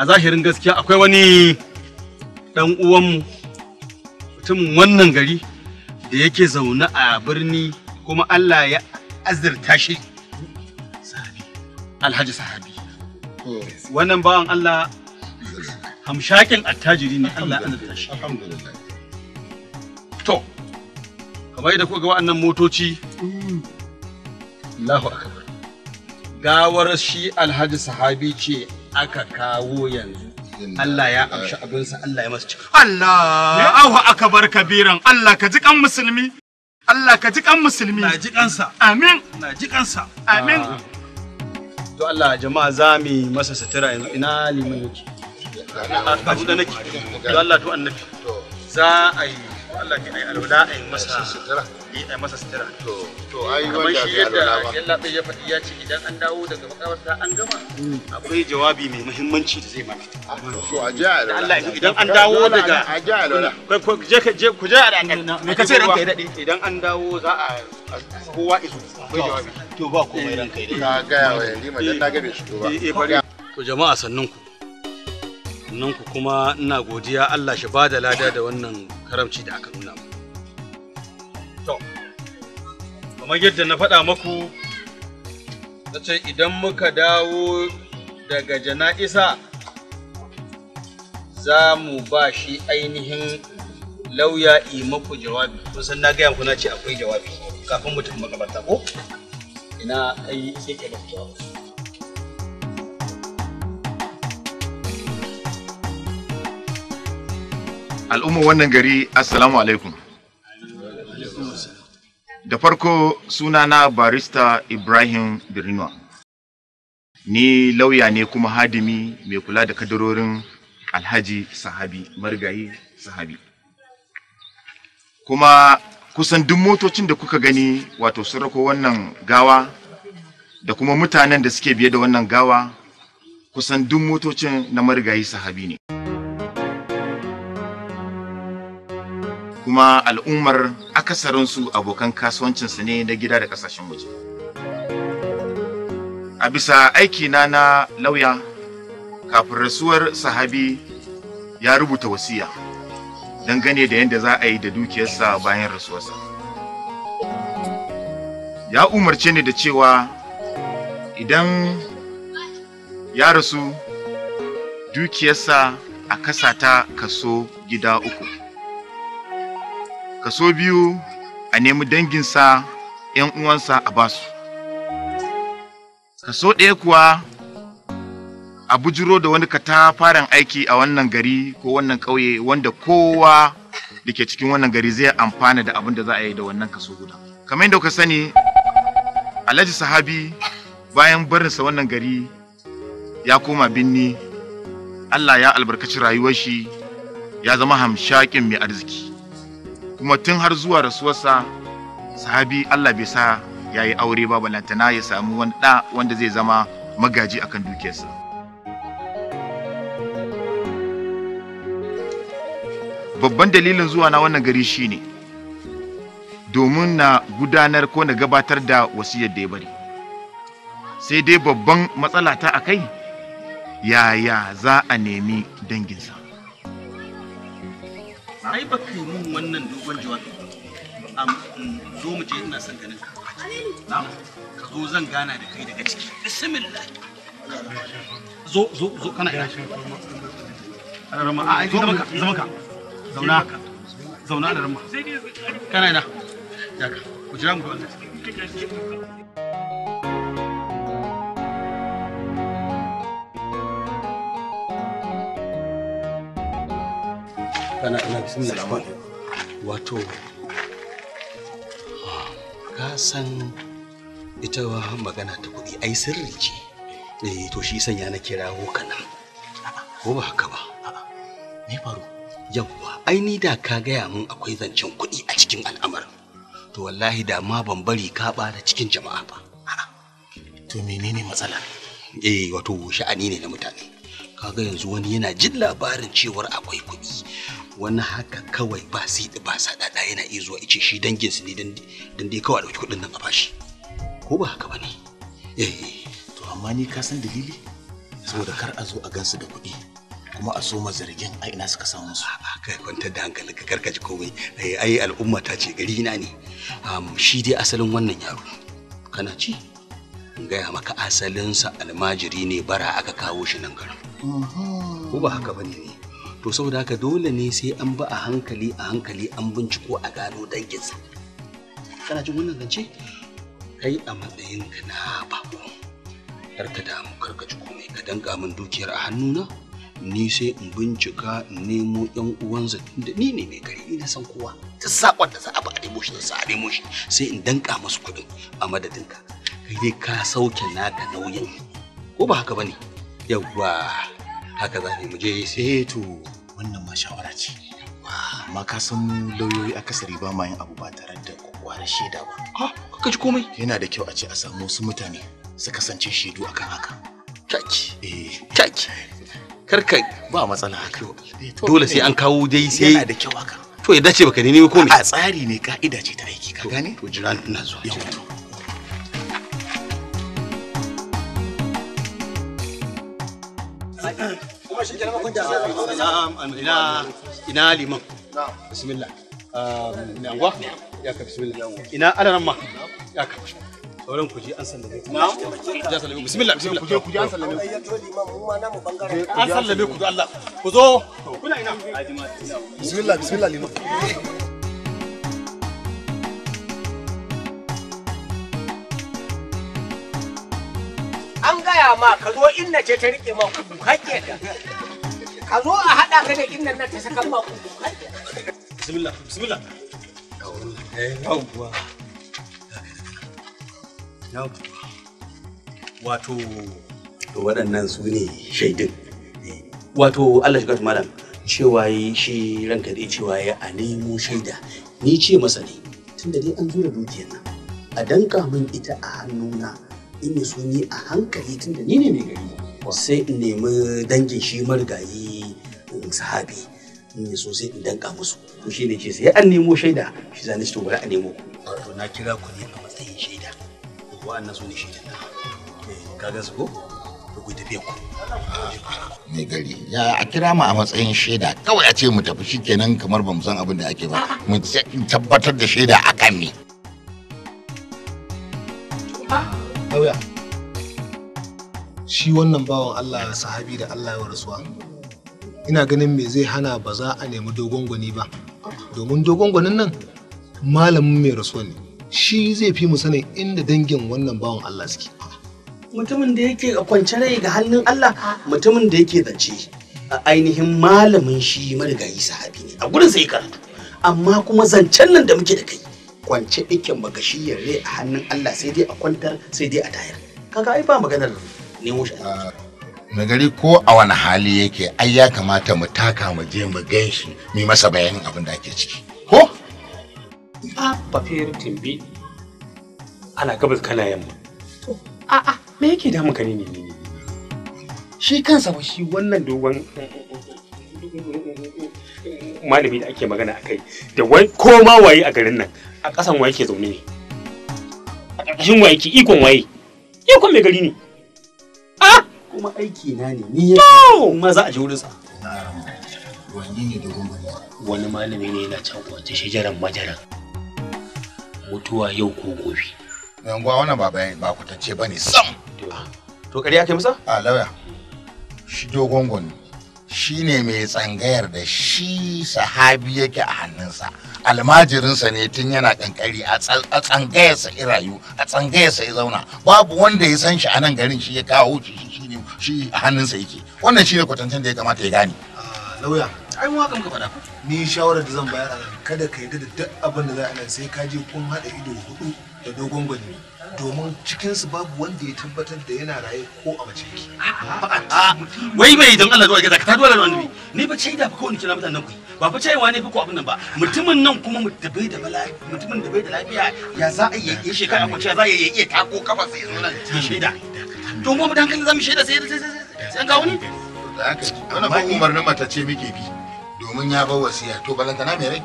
a zahirin gaskiya akwai wani dan uwanmu mutumin wannan gari da yake zaune a birni kuma Allah ya azurta shi sahabi alhaji sahabi wannan bawan Allah hamshakin attajiri ne Allah ya azurta shi to kamar yadda kuka ga wa'annan motoci Allahu akbar gawar shi alhaji sahabi ce aka kawo yanzu Allah ya amshi abinsa Allah ya masu Allah ahu aka bar kabiran Allah ka ji kan musulmi Allah ka ji kan musulmi na ji kansa amin na ji kansa amin ah. to Allah jama'a za mu masa sutura yanzu ina limin yake a da nake to Allah to annabi za a yi Allah ke ne alwala ai masa sutura ai masa sutura to to ai wanda shi yadda yalla bai ya faɗi ya ce idan an dawo daga makabarta an gama hmm. akwai jawabi mai muhimmanci da zai maka ah, to a ji alwala Allah idan an dawo daga a ji alwala ku je je ku je me kace ranka ya idan an dawo za a kowa isu akwai jawabi to ba komai ranka ya ka ga na gabe shi to ba eh, eh, to jama'a sannunku nan ku kuma ina godiya Allah shi ba da lada da wannan karamci da aka nuna mu. To, kamar yadda na faɗa maku, na idan muka dawo daga jana'isa za mu ba shi ainihin lauya yi maku jawabi. Kun san na gaya ku na ce akwai jawabi kafin mutum makabarta ko? Ina kai sai ka jawabi. al'umma wannan gari assalamu alaikum da farko sunana barista ibrahim birnuwa ni lauya ne kuma hadimi mai kula da kadarorin alhaji sahabi marigayi sahabi kuma kusan duk motocin da kuka gani wato sarrako wannan gawa da kuma mutanen da suke biye da wannan gawa kusan duk motocin na marigayi sahabi ne. kuma al'ummar akasarinsu abokan kasuwancinsu ne na gida da kasashen waje a bisa aikina na lauya kafin rasuwar sahabi ya rubuta wasiya gane da yadda za a yi da dukiyarsa bayan rasuwarsa ya umarce ni da cewa idan ya rasu dukiyarsa a kasata kaso gida uku kaso biyu a nemi danginsa ‘yan uwansa a basu kaso ɗaya kuwa a bujiro da wani katafaren aiki a wannan gari ko wannan ƙauye wanda kowa da ke cikin wannan gari zai amfana da abin da za a yi da wannan kaso guda kamar yadda kuka sani alhaji sahabi bayan barinsa wannan gari ya koma binni allah ya albarkaci rayuwar shi ya zama hamshakin mai arziki kuma tun har zuwa rasuwarsa sahabi Allah bai sa ya yi aure ba balantana ya samu wani ɗa wanda zai zama magaji a akan dukiyarsa babban dalilin zuwa na wannan gari shi ne, domin na gudanar ko na gabatar da wasiyar da ya bari sai dai babban matsala ta akai yaya za a nemi danginsa ai ba kai mun wannan dogon jawabi am zo mu je ina son ganin ka na ka zo zan gana da kai daga ciki bismillah zo zo zo kana ina rama a zama maka zo maka zauna zauna da rama kana ina ya ka ku jira mu ga kana ina bismillah wato ah, ka san ita magana ta kuɗi ai sirri ce eh to shi sanya na kirawo kana ko ba haka ba me faru yawwa ai ni da ka gaya mun akwai zancen kuɗi a cikin al'amarin to wallahi da ma ban bari ka da cikin jama'a ba to menene matsala eh wato sha'ani ne na mutane kaga yanzu wani yana jin labarin cewar akwai kuɗi wani haka kawai ba sai ba dada yana iya zuwa ice shi dangin su ne dan dai kawai dauki kudin nan a bashi ko ba haka bane eh, eh to amma ni ka san dalili saboda kar a zo a gansu da kuɗi kuma a soma zargin a ina suka samu su ba kai kwantar da hankali ka karkace komai eh, ai al'umma ta ce gari na ne shi dai asalin wannan yaro kana ci gaya maka asalinsa almajiri ne bara aka kawo shi nan garin mhm. ko ba haka bane ne to saboda haka dole ne sai an ba a hankali a hankali an binciko a gano danginsa kana jin wannan zance kai a matsayin ka na babu kar ka damu kar ka ji komai ka danka min dukiyar a hannuna ni sai in bincika in nemo yan uwansa tunda ni ne mai gari ni na san kowa ta sakon da za a ba a nemo shi sa a nemo shi sai in danka masu kuɗin a madadin ka kai dai ka sauke naka nauyin ko ba haka bane yawwa haka za mu je sai eh to wannan ma shawara ce amma ka san lauyoyi akasari ba ma yin abu ba tare da kwakwara shaida ba ha ah, ka ji komai yana da kyau a ce a samu wasu mutane su kasance shaidu akan haka taki eh taki karka ba matsala haka eh, dole sai eh, an kawo dai sai yana da kyau haka to ya dace baka nemi komai a tsari ne ka'ida ce ta aiki ka gane to jira ina zuwa ina ina liman ma ya sauran ku ji an sallame ku na'am ya sallame bismillah bismillah ku ji an sallame ku ayyato liman mu ma namu bangaren an sallame ku Allah ku zo kuna ina bismillah bismillah liman ma ka zo inna ce ta riƙe ma kuku haƙƙe ka ka zo a haɗa ka da inna na ta saka ma kuku haƙƙe bismillah bismillah yawwa yawwa wato to waɗannan su ne shaidin wato Allah shigar malam cewa yi shi ranka dai cewa ya a nemo shaida ni ce masa ne tunda dai an zo da dukiyar nan a danka min ita a hannuna in so ni a hankali tun da ni ne mai gari sai in nemi dangin shi marigayi um, sahabi in so sai in danka musu to shi ne ce sai an nemo shaida shi zane shi to bari a nemo to na kira ku ne a matsayin shaida ko an na so ne shaida. na kaga su ko to ku tafi ku mai gari ya a kira mu a matsayin shaida kawai a ce mu tafi shikenan kamar ba mu san abin da ake ba mu tabbatar da shaida akan ne ƙauya, Shi wannan bawan Allah sahabi da Allah ya rasuwa. Ina ganin me zai hana ba za a nemi dogon gwani ba. Domin dogon gwanin nan malamin mai rasuwa ne. Shi zai fi mu sanin inda dangin wannan bawan Allah suke. Mutumin da yake a kwance rai ga hannun Allah, mutumin da yake zance. a Ainihin malamin shi marigayi sahabi ne. A gurin sai karatu. Amma kuma zancen nan da muke da kai. kwance ɗikin magashi ya re a hannun Allah sai dai a kwantar sai dai a tayar kaga ai ba maganar nemo shi ah, mai gari ko a wani hali yake ai ya kamata mu taka mu je mu gan shi mu masa bayanin abin da ake ciki ko ba fere timbi ana gabas kana yamma a'a me yake damun mu gani ne ne shi kansa ba shi wannan dogon malami da ake magana a kai da wai ma waye a garin nan a ƙasan wa yake zaune ne a ƙarƙashin wa yake ikon waye ikon mai gari ne a kuma aiki na ne ni ya kuma za a ji wurin sa wani ne dogon bane wani malami ne yana jagorance shajaran majaran mutuwa yau ko gobe yanguwa wannan ba bayan ba kutacce bane sam to kariya kai masa a lauya shi dogon gwani shine mai tsangayar da shi sahabi yake a hannunsa almajirinsa ne tun yana kankari a tsangayarsa ya rayu a tsangayarsa ya zauna babu wanda ya san shi a nan garin shi ya kawo shi shi a hannunsa yake wannan ne kwatancin da ya kamata ya gane ah, lauya ai mu ka faɗa ni shawarar da zan bayar a kada ka yi da duk abin da za a nan sai ka je kun haɗa ido hudu da dogon gwani domin cikinsu babu wanda ya tabbatar da yana raye ko a mace yake. Wai mai don Allah zuwa gaza ka taduwa da wani ni ba shaida ba kawai kira mutanen ku ba fa cewa ne ba ko abin nan ba mutumin nan kuma mutabai da bala, mutumin da bai da lafiya ya za a yi ya shekara ko za a yi ya tako kafa sai zo nan ya shaida. To mu dan kan zamu shaida sai sai sai sai ga wani. Wannan ba umarnin mata ce muke bi domin ya bar wasiya to balantana mai rai.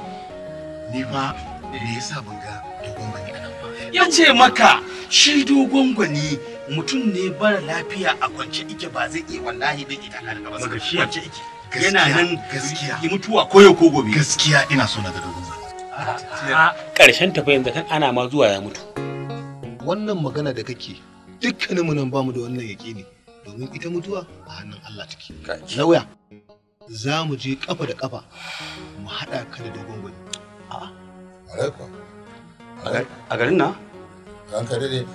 Ni fa me yasa ban ga dogon bane anan ba. Ya ce maka shi dogon gwani mutum ne bara lafiya a kwance ike ba zai iya wallahi bai ita ka ba sai kwance ike yana nan gaskiya ki mutuwa koyo ko gobe gaskiya ina so na ga dogon gwani karshen tafi yanzu kan ana ma zuwa ya mutu wannan magana da kake dukkaninmu nan bamu da wannan ne domin ita mutuwa a hannun Allah take lauya za mu je kafa da kafa mu haɗa ka da dogon gwani a garin na ka dade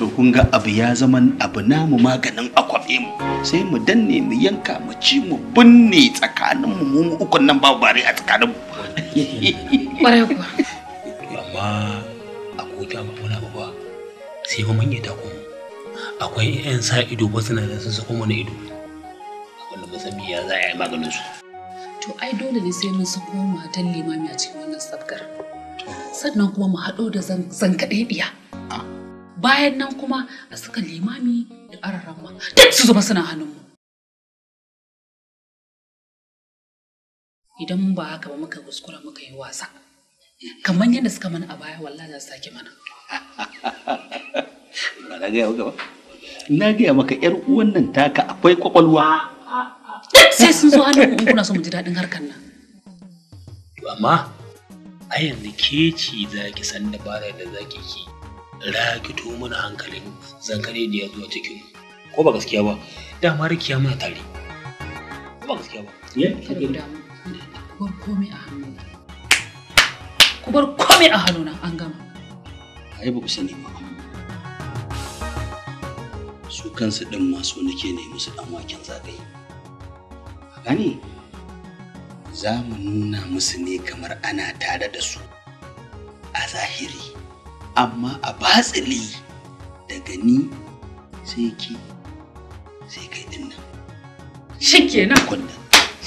to kun ga abu ya zama abu namu maganin akwabe mu sai mu danne mu yanka mu ci mu binne tsakanin mu mu ukun nan babu bare a tsakanin mu bare ku amma a koki ba wala ba sai mu manye ta kuma akwai yan sa ido wasu da su kuma na ido wanda ba san ya za a yi maganin su to ai dole ne sai mun sako matan limami a cikin wannan sabgar sannan kuma mu haɗo da zankaɗe bayan nan kuma a saka limami da ma duk su zama suna hannunmu idan ba haka ba muka kuskura muka yi wasa kamar yadda suka mana a baya wallahi za su sake mana na gaya maka yar uwan nan taka akwai kwakwalwa sai sun zo hannun in kuna so mu ji daɗin harkar nan to amma a yanzu ke ci za ki san dabarar da za ki ki rakito mana hankalin zankare da ya zuwa cikin ko ba gaskiya ba dama rikiya mana tare ko ba gaskiya ba ku bar komai a hannuna ku bar komai a hannuna an gama ai ba ku sani ba su kansu din masu nake ne musu dan waken zagaye gani za mu nuna musu ne kamar ana tare da su a zahiri amma a batsili daga ni sai ki sai kai din nan shikenan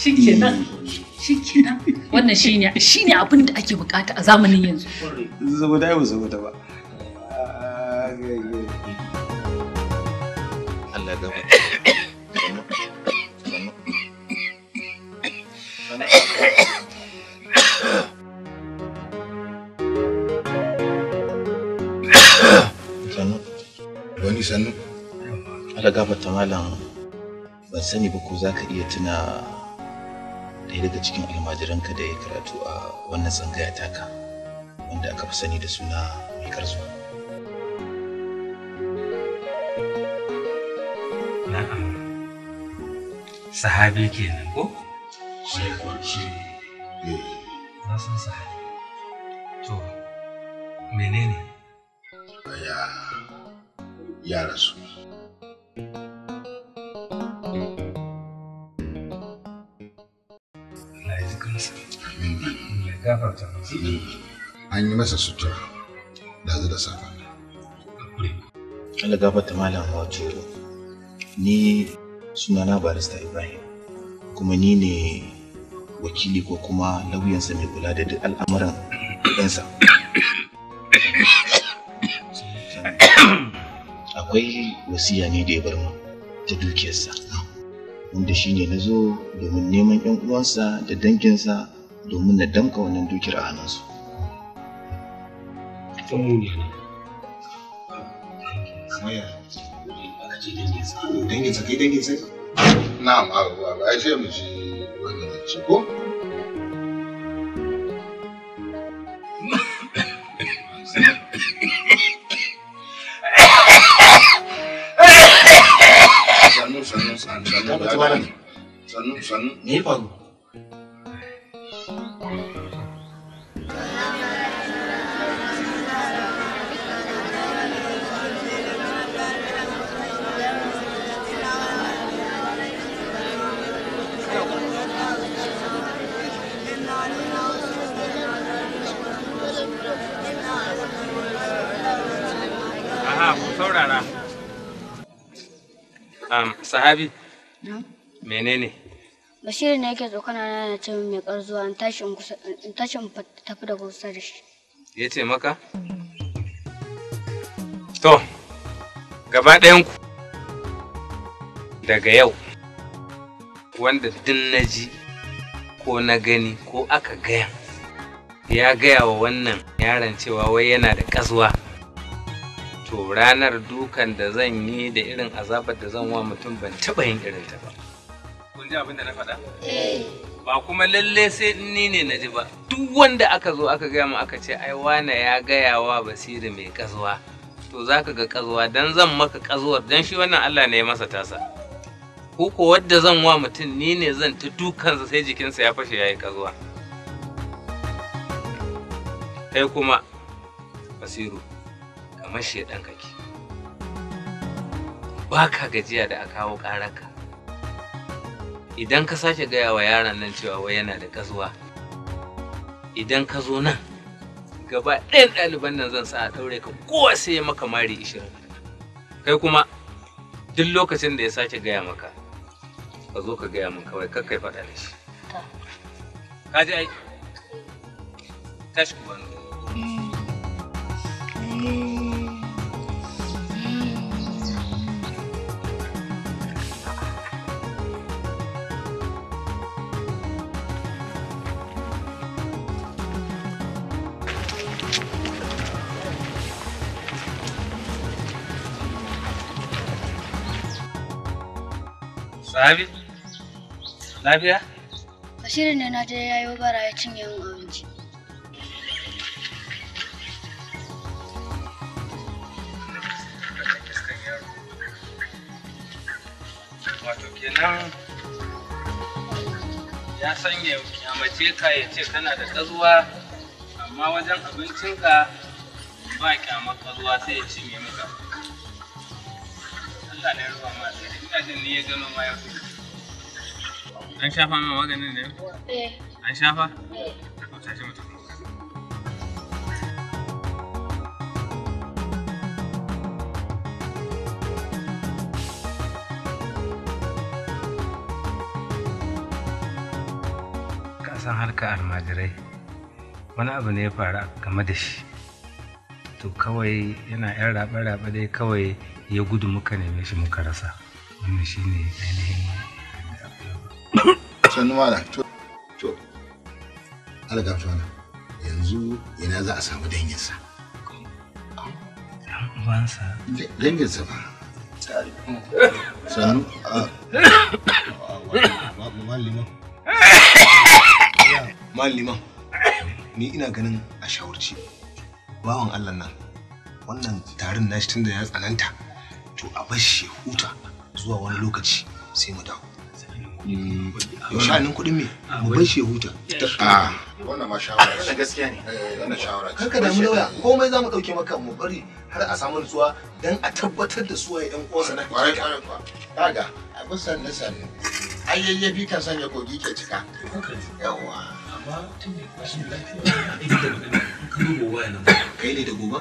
shikenan eh. shikenan wannan shine shine abin da ake bukata a zamanin yanzu saboda da saboda ba Allah ya ala gafarta malam ban sani ba ko za ka iya tuna ɗaya daga cikin almajiranka da ya karatu a wannan tsangaya taka wanda aka fi sani da suna mai karzo. Na'am, sahabi kenan ko? Shi eh. Na san sahabi. To, menene? masa sutura da da safa Allah ta malam Hajjero ni sunana barista Ibrahim kuma ni ne wakili ko kuma lauyansa mai kula da duk al'amuran ɗansa akwai wasiya ne da ya bar mu ta dukiyarsa wanda shine na zo domin neman 'yan uwansa da danginsa domin na damka wannan dukiyar a hannunsu ta muni ne kamar yaya aka ce dangin sa dangin sa kai dangin sa na'am abubuwa ba ai sai mu ji wannan zance ko sannu Um, sahabi. Menene? Bashir ne yake tsokana na na ce mai karzuwa in tashi in tafi da kusa da shi. Ya ce maka? To, gaba ɗayanku daga yau, wanda din na ji ko na gani ko aka gaya, ya gaya wa wannan yaron cewa wai yana da ƙazuwa. to ranar dukan da zan yi da irin azabar da zan wa mutum ban taɓa yin irin ta ba kun ji abin da na faɗa eh. ba kuma lalle sai ni ne na ji ba duk wanda aka zo aka gaya mu aka ce ai wane ya gaya wa basiri mai kazuwa to zaka ga kazuwa dan zan maka kazuwar dan shi wannan Allah ne ya masa tasa ko ko wadda zan wa mutum ni ne zan ta dukansa sai jikinsa ya fashe yayi kazuwa kai kuma basiru kamar shaidan kake ba gajiya da a kawo ƙararka idan ka sake gaya wa yaran nan cewa wai yana da kasuwa idan ka zo nan gaba ɗayan ɗaliban nan zan sa a ɗaure ka kowa sai ya maka mari ishirin kai kuma duk lokacin da ya sake gaya maka ka zo ka gaya min kawai kar kai faɗa da shi ka ji ai tashi ku Sabi? Lafiya? Bashirin ne na je yayo bara ya cinye min abinci. Wato kenan ya sanya ya mace ka ya ce kana da kazuwa amma wajen abincinka ba kyamar kazuwa sai ya cinye maka. Allah ne ruwa ma kashin ni ya gano ma An shafa ma maganin ne? Eh. An shafa? Eh. Ka tashi mutum. san harka almajirai wani abu ne ya faru game da shi to kawai yana yan rabe-rabe dai kawai ya gudu muka neme shi muka rasa wannan shi ne ainihin to to yanzu ina za a samu danginsa dangin sa ba ni ina ganin a shawarci bawan allah nan wannan tarin nashi tun da ya tsananta to a bashi ya huta zuwa wani lokaci sai mu dawo mm. sha'anin kuɗin me ah, mu bar shi ya huta ah. wannan ma shawara ce gaskiya ne eh, wannan shawara ce karka damu lauya komai zamu dauke maka mu bari har a samu nutsuwa dan a tabbatar da suwaye ɗan uwansa na kwarai kwarai kwa Daga, kaga abin sanne sanne ai yayyafi kan sanya kogi ke cika yawa amma tun da shi lafiya ne kai ne da gobe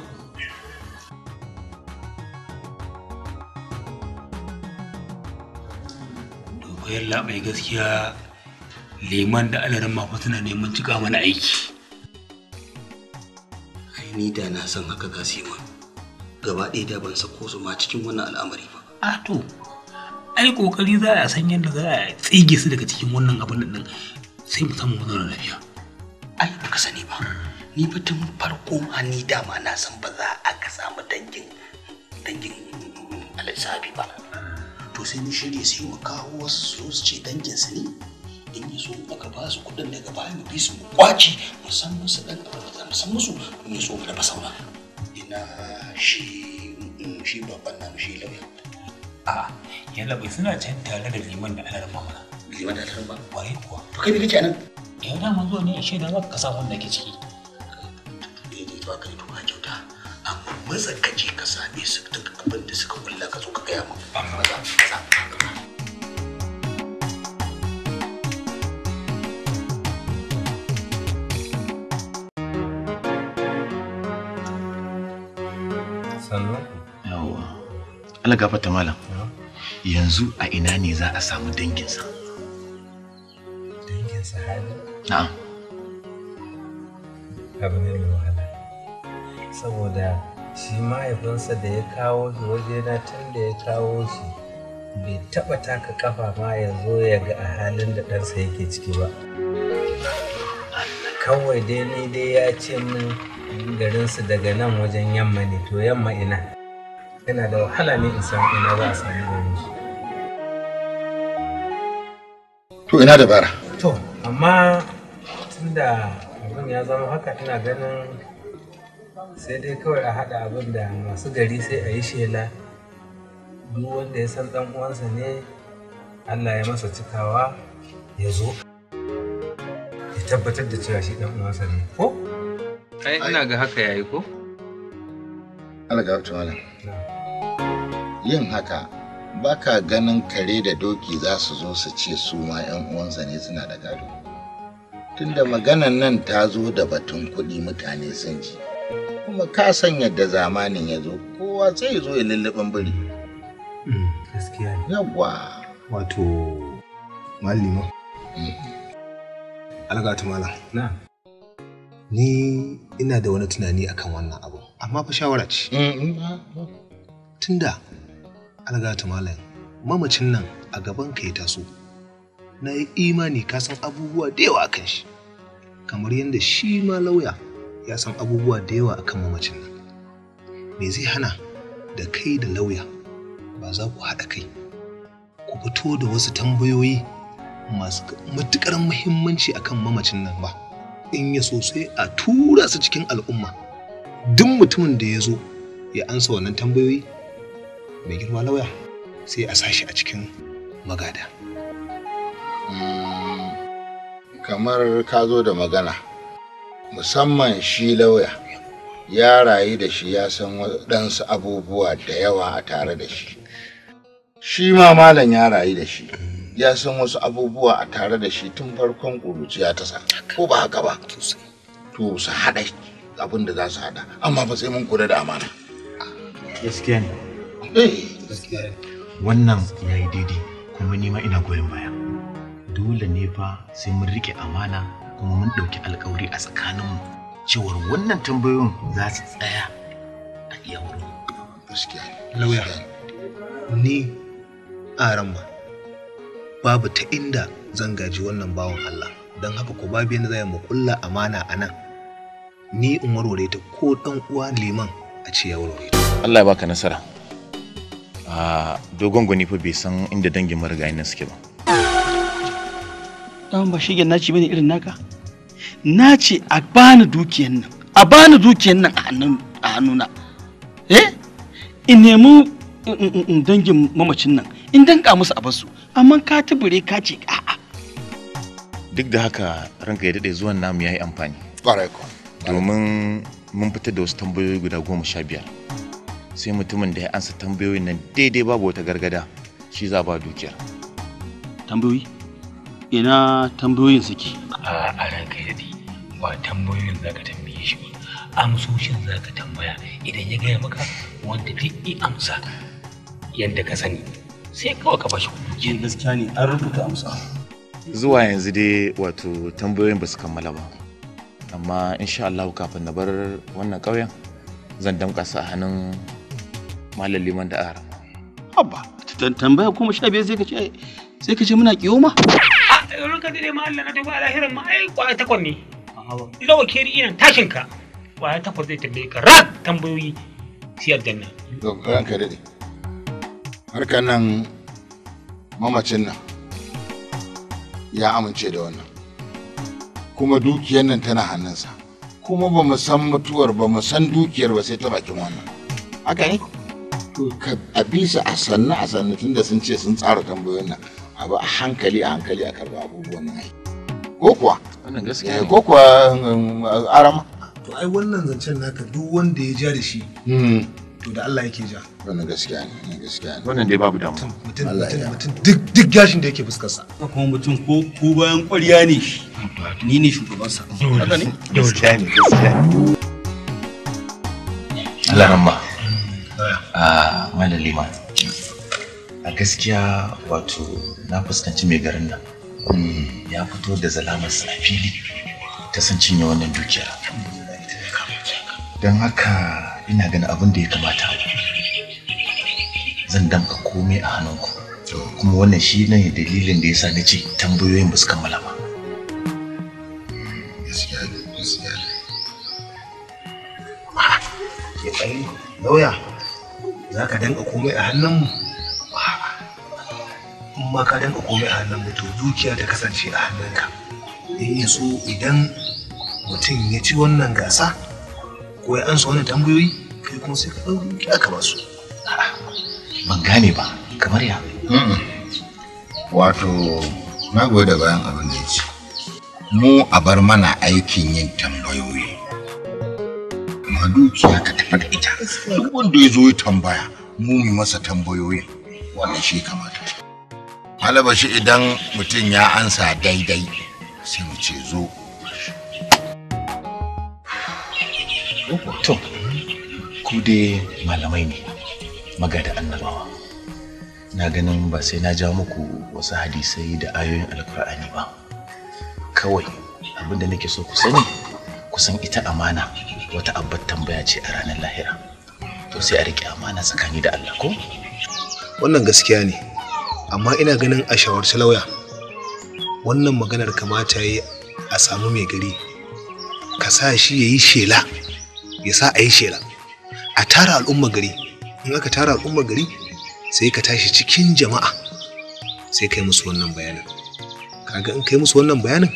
yallaɓai gaskiya liman da alarin mafa suna neman cika mana aiki ni da na san haka gasima gaba ɗaya da ban sako su ma cikin wannan al'amari ba a to ai kokari za a san yadda za a tsige su daga cikin wannan abin nan sai mu samu wannan lafiya ai baka sani ba ni ba tun farko ma ni dama na san ba za a ka samu dangin dangin alisabi ba to sai ni shirya sai mu kawo wasu su su ce dangin su ne in yi so aka ba su kuɗin daga bayan mu bi su mu kwaci mu san musu dan abin da mu san musu mu so mu dafa sauna ina shi mm, shi babban nan shi lauya a yalla bai suna can tare da liman da alar mana liman da ba. wai kuwa to kai ne kake anan yau eh, mun zo ne a shaida maka ka samu wanda ke ciki to aka yi to maza ka je ka same su duk abin da suka kulla ka zo ka gaya mu malam yanzu a ina ne za a samu danginsa danginsa hali na'am abu ne mai saboda shi mahaifinsa da ya kawo shi wajena tun da ya kawo shi bai taɓa taka kafa ma ya zo ya ga a halin da ɗansa yake ciki ba kawai dai ni dai ya ce min garinsu daga nan wajen yamma ne to yamma ina yana da wahala ne in san ina za a sami shi to ina da bara. to amma tunda abin ya zama haka ina ganin sai dai kawai a haɗa abin da masu gari sai a yi shela duk wanda ya san ɗan uwansa ne allah ya masa cikawa ya zo ya tabbatar da cewa shi ɗan uwansa ne ko ai ina ga haka yayi ko alga malam yin haka baka ganin kare da doki za su zo su ce su ma 'yan uwansa ne suna da gado tunda maganan nan ta zo da batun kuɗi mutane sun ji kuma ka san yadda zamanin ya zo kowa sai ya zo ya lullubin biri mm, gaskiya ne yawa wato malima mm. algatu mala. na ni ina da wani tunani akan wannan abu amma fa shawara ce mm, tunda algatu mala mamacin nan a gaban ka ya taso na yi imani ka san abubuwa da yawa kan shi kamar yadda shi ma lauya ya san abubuwa da yawa akan mamacin nan me zai hana da kai da lauya ba za ku haɗa kai ku fito da wasu tambayoyi masu matuƙar muhimmanci akan mamacin nan ba in ya so sai a tura su cikin al'umma duk mutumin da ya zo ya ansa wannan tambayoyi mai girma lauya sai a sashi a cikin magada kamar ka zo da magana musamman shi lauya ya rayu da shi ya san waɗansu abubuwa da yawa a tare da shi shi ma malam ya rayu da shi ya san wasu abubuwa a tare da shi tun farkon ƙuruciya ta sa ko ba haka ba to su haɗa abin da za su haɗa amma ba sai mun kula da amana gaskiya ne eh. wannan ya yi daidai kuma nima ina goyon baya dole ne ba sai mun riƙe amana kuma mun ɗauki alkawari a tsakaninmu cewa wannan tambayoyin za su tsaya a iya wurin. Lauya. Ni aramma babu ta inda zan gaji wannan bawan Allah don haka ko babu yadda zai mu kulla amana a nan. Ni in warware ta ko ɗan uwa liman a ce ya warware ta. Allah ya baka nasara. Ah, dogon gwani fa bai san inda dangin marigayin nan suke ba. dan ba na naci bane irin naka na ce a bani dukiyan nan a bani dukiyan nan a hannuna eh in nemi dangin mamacin nan in danka musu a basu amma ka tubure ka ce a'a duk da haka ranka ya dade zuwan namu yayi yi amfani domin mun fitar da wasu tambayoyi guda goma sha biyar sai mutumin da ya ansa tambayoyin nan daidai babu wata gargada shi za ba dukiyar tambayoyi ina tambayoyin suke a ranka yadi ba tambayoyin za ka tambaye shi ba amsoshin za ka tambaya idan ya gaya maka wanda duk i amsa yadda ka sani sai kawai ka bashi kuɗi eh, gaskiya ne an rubuta amsa zuwa yanzu dai wato tambayoyin ba su kammala ba amma insha Allah kafin na bar wannan ƙauyen zan damƙa su a hannun malam liman da rama. Abba, tambaya kuma sha biyar sai ka ce muna ƙiyoma? ran ka dai ma Allah na tafi a lahirin ma ai kwaya takwas ne ina wa keri ina tashin ka kwaya takwas zai tambaye ka rak tambayoyi sai aljanna to ran ka dai harkan nan mamacin nan ya amince da wannan kuma dukiyar nan tana hannunsa kuma ba mu san mutuwar ba mu san dukiyar ba sai ta bakin wannan haka ne a bisa a sannu a sannu tunda sun ce sun tsara tambayoyin nan abu a hankali a hankali a karba abubuwan nan ko kuwa eh, ko kuwa um, arama to ai wannan zancen naka duk wanda ya ja da shi hmm. to da Allah yake ja wannan gaskiya ne wannan gaskiya ne wannan dai babu damuwa mutum mutum duk duk gashin da yake fuskar sa kuma mutum ko ko bayan ƙwarya ne ni ne shugaban sa haka ne gaskiya ne gaskiya ne Allah rahma hmm. a ah, malalima a gaskiya wato na fuskanci mai garin nan mm, ya fito da zalamarsa a fili ta san cinye wannan dukiya don haka ina ganin abin da ya kamata zan damka komai a hannunku kuma wannan shi ne dalilin da ya sa na ce tambayoyin ba su kammala ba lauya za ka danka komai a hannunmu ma ka danka komai a hannun mutum dukiya ta kasance a hannunka eh, yanzu idan mutum ya ci wannan gasa ko ya ansa wannan tambayoyi kai kuma sai ka ɗauki dukiya ka basu ban gane ba kamar ya wato na goyi da bayan abin da ya ce mu a bar mana aikin yin tambayoyi ma dukiya ka tafi da ita duk wanda ya zo ya tambaya mu mu masa tambayoyin wannan shi kamata Malabashi idan mutum ya ansa daidai sai mu ce zo. To, ku dai malamai ne magada annabawa. Na ganin ba sai na ja muku wasu hadisai da ayoyin alkur'ani ba. Kawai abinda nake so ku sani kusan ita amana wata abbar tambaya ce a ranar lahira. To sai a riƙe amana tsakani da Allah ko? Wannan gaskiya ne. amma ina ganin a shawarci lauya wannan maganar kamata yi a samu mai gari ka sa shi ya yi shela ya sa a yi shela a tara al'umma gari in aka tara al'umma gari sai ka tashi cikin jama'a sai ka yi musu wannan bayanin kaga in ka yi musu wannan bayanin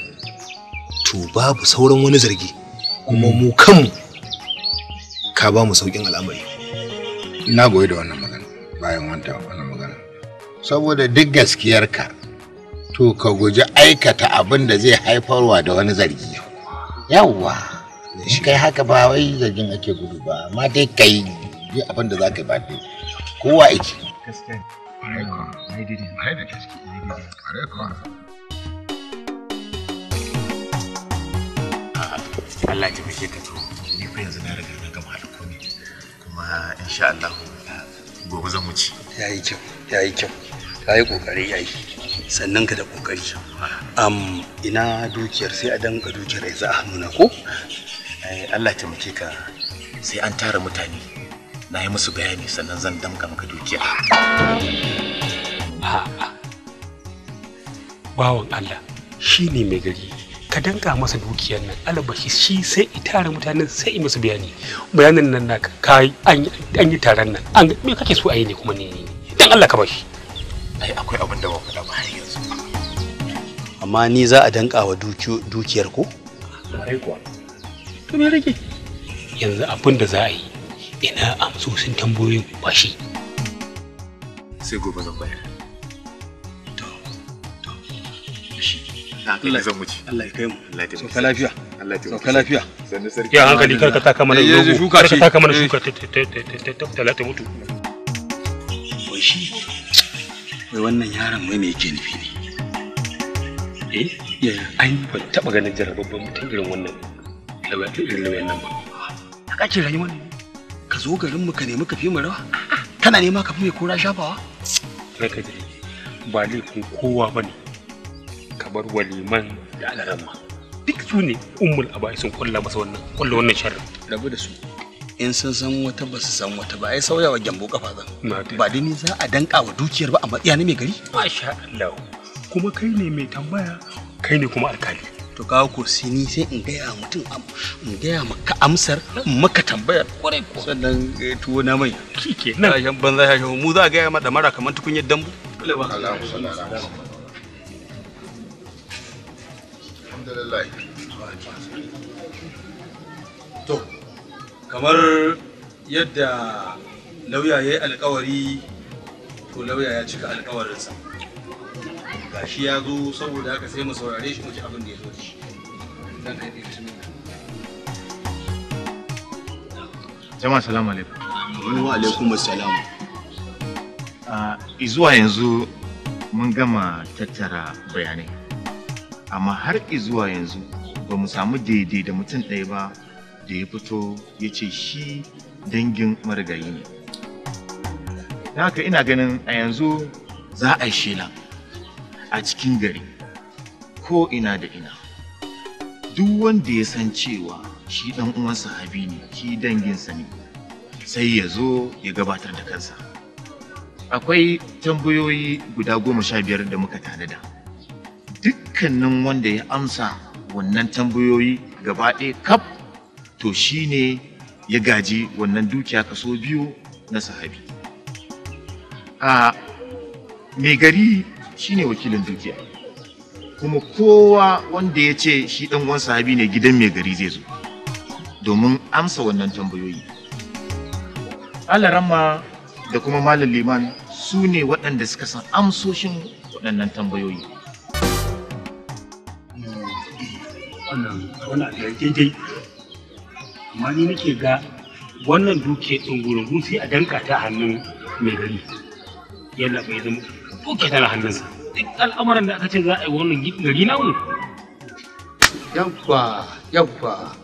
to babu sauran wani zargi kuma mu kanmu ka ba mu saukin al'amari na goyi da wannan magana bayan wanta wannan magana saboda duk gaskiyarka to ka guji aikata abin da zai haifarwa da wani zargi yawwa shi kai haka ba wai zargin ake gudu ba amma dai kai yi abin da za ka ba dai kowa iki Allah ji tafi ka to ni fa yanzu na riga na gama alko ne kuma insha Allah gobe zan wuce yayi kyau yayi kyau ka yi kokari yayi sannan ka da kokari am ina dukiyar sai a danka dukiyar za a hannuna ko eh, Allah ta muke ka sai an tara mutane na yi musu bayani sannan zan danka maka dukiya bawon Allah shi ne mai gari ka danka masa dukiyar nan alabashi shi sai i tara mutanen sai i musu bayani bayanin nan na kai an yi taron nan an me kake so a yi ne kuma ne dan Allah ka bashi ai akwai abin da ba faɗa ba har yanzu amma ni za a danka wa dukiyar ku ai kuwa to me rage yanzu abin da za a yi ina amsu sun tambayoyin shi sai gobe zan bayar to to shi Allah zan wuce Allah ya kai mu Allah ya sauka lafiya Allah ya sauka lafiya sannu sarki ya hankali karka ta kama nan shuka ta kama nan shuka ta ta ta ta ta ta ta ta wai wannan yaron wai me yake nufi ne eh ya ai ban taba ganin jarababban mutum irin wannan irin lauyan nan ba haka ce rayuwar ka zo garin mu ka nemi ka fi mu rawa kana nema ka fi mai kora shafawa ka ji ba laifin kowa bane ka bar waliman da alaramma duk su ne ummul abai sun kulla masa wannan kulla wannan sharri rabu da su in sun san wata ba su san wata ba ai sauyawa gyambo kafa zan ba dani za a danka wa dukiyar ba a matsiya ne mai gari masha Allah kuma kai ne mai tambaya kai ne kuma alkali to kawo ko sini sai in gaya mutum in gaya maka amsar maka tambaya kwarai ko sannan eh, tuwo na mai kike nan shan banza ya shawo mu za a gaya ma kaman mara kamar tukunyar dambu alhamdulillah kamar yadda lauya ya yi alkawari to lauya ya cika alkawarinsa shi ya zo saboda haka sai mu saurare shi mu abin da ya zo da shi jama'a salamu alaikum wa alaikum assalam izuwa yanzu mun gama tattara bayanai amma har izuwa yanzu ba mu samu daidai da mutum ɗaya ba da ya fito ya ce shi dangin marigayi ne haka ina ganin a yanzu za a yi shela a cikin gari ko ina da ina duk wanda ya san cewa shi ɗan uwan sahabi ne shi danginsa ne sai ya zo ya gabatar da kansa akwai tambayoyi guda goma sha biyar da muka tanada dukkanin wanda ya amsa wannan tambayoyi gaba ɗaya kaf to shine ya gaji wannan dukiya kaso biyu na sahabi a mai gari shine wakilin dukiya kuma kowa wanda ya ce shi dan uwan sahabi ne gidan mai gari zai zo domin amsa wannan tambayoyi alarama da kuma malam liman su ne waɗanda suka san amsoshin waɗannan tambayoyi wannan wannan daidai amma ni nake ga wannan duke tsungurungun sai a danka ta hannun mai gari yalla bai zama duke tana hannunsa duk al'amuran da aka ce za a yi wannan gari na mu. yabba yabba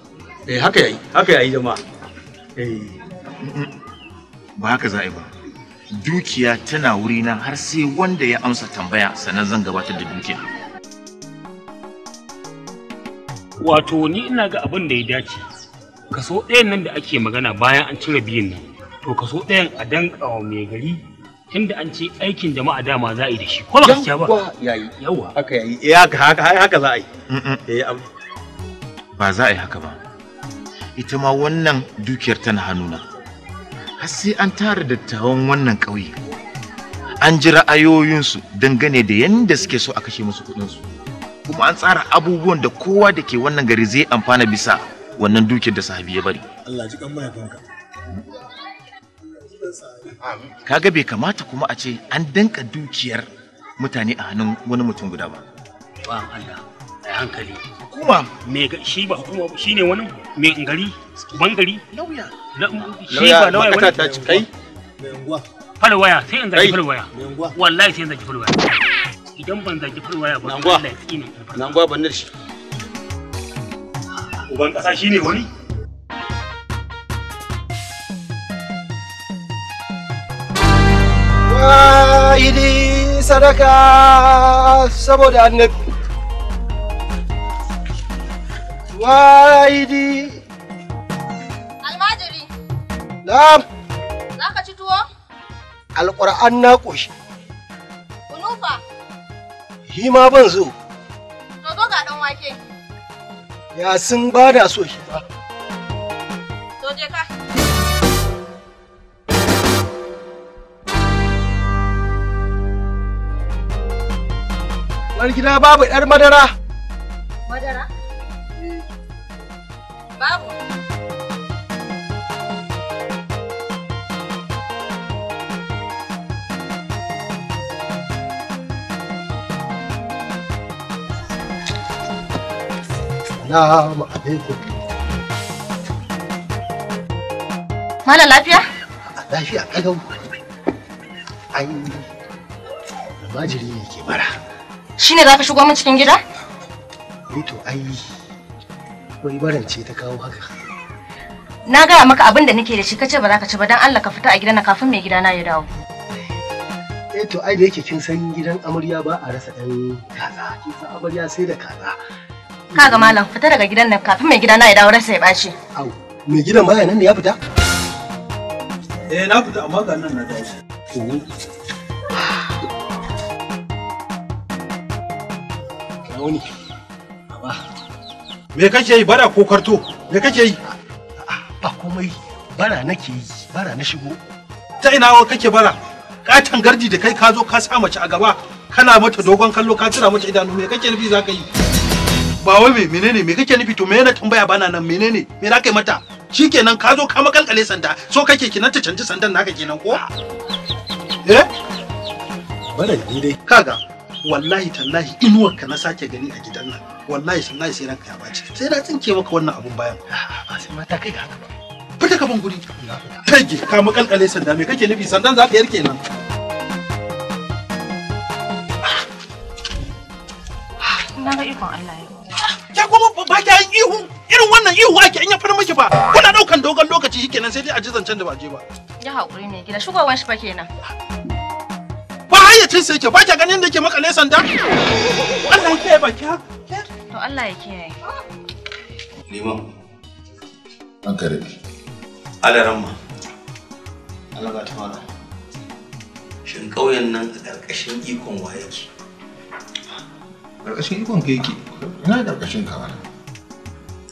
eh haka yayi haka yayi jama'a eh ba haka za a yi ba dukiya tana wurina har sai wanda ya amsa tambaya sannan zan gabatar da dukiya wato ni ina ga abin da ya dace kaso ɗayan nan da ake magana bayan an cire biyan nan to kaso ɗayan a danka wa mai gari tunda an ce aikin jama'a dama za a yi da shi ko ba gaskiya ba yayi yawa haka yayi eh haka haka haka za a yi eh ba za a yi haka ba ita ma wannan dukiyar tana hannuna har sai an tara dattawan wannan ƙauye an ji ra'ayoyinsu dangane da yadda suke so a kashe musu kuɗinsu kuma an tsara abubuwan da kowa da ke wannan gari zai amfana bisa wannan dukiyar da sahabi ya bari Allah ji kan mahaifinka kaga bai kamata kuma a ce an danka dukiyar mutane a hannun wani mutum guda ba ba Allah ai hankali hukuma me shi ba hukuma shine wani me gari bangari. gari lauya um, um, shi ba lauya wani ta ci kai fal waya sai in zaki fal waya wallahi sai in zaki fal waya idan ban zaki fal waya ba Allah ya tsine nan gwa ban da shi uban ƙasa shine wani wa'idi sadaka saboda annabi wa'idi almajiri na'am za ka ci tuwo alƙur'an na ƙoshi kunufa shi ma ban so to zo ga ɗan wake Ya sun ba da so shi ba. soje ka. Wani gida babu 'yar madara. Madara? Hmm. Babu. Assalamu alaikum. Mala lafiya? Lafiya kalau. Ai majiri ne ke bara. za ka shigo min cikin gida? Ni eh to ai wai baran ce ta kawo haka. Na gaya maka abin da nake da shi kace ba za ka ci ba Don Allah ka fita a gidana kafin mai gidana ya dawo. Eh to ai da yake kin san gidan amarya ba a rasa ɗan kaza kin san amarya sai da kaza Kaga malam fita daga gidan nan kafin mai gidana ya dawo rasa ya bashi. Au, mai gidan baya nan ne ya fita? Eh na fita amma ga nan na dawo. Rauni. Baba. Me kake yi bara kokarto, Me kake yi? Ba komai bara nake yi, bara na shigo. Ta ina kake bara? Katan garji da kai ka zo ka sa mace a gaba kana mata dogon kallo ka tura mata idanu me kake nufi za ka yi? ba wai me menene me kake nufi to me yana tambaya bana nan menene me za kai mata shikenan ka zo ka makalkale sanda so kake kinan ta canji sandan naka kenan ko eh bara ni dai kaga wallahi tallahi inuwar ka na sake gani a gidan nan wallahi sallahi sai ranka ya baci sai na tsinke maka wannan abun bayan ba sai mata kai ga fita ka ban guri kage ka makalkale sanda me kake nufi sandan za ka yarke kenan ah, na ga ikon Allah ya ke kuma ba ki yin ihu irin wannan ihu ake in ya fara miki ba kuna daukan dogon lokaci shikenan sai dai a ji zancen da ba je ba ya hakuri mai gida shugaban shi fa kenan ba hayyacin sai ke ba ki ganin da ke makale sanda Allah ya kiyaye ba ki to Allah ya kiyaye liman an kare alaramma Allah ba ta shin ƙauyen nan a ƙarƙashin ikon wa yake ƙarƙashin ikon ka yake ina ƙarƙashin ka wani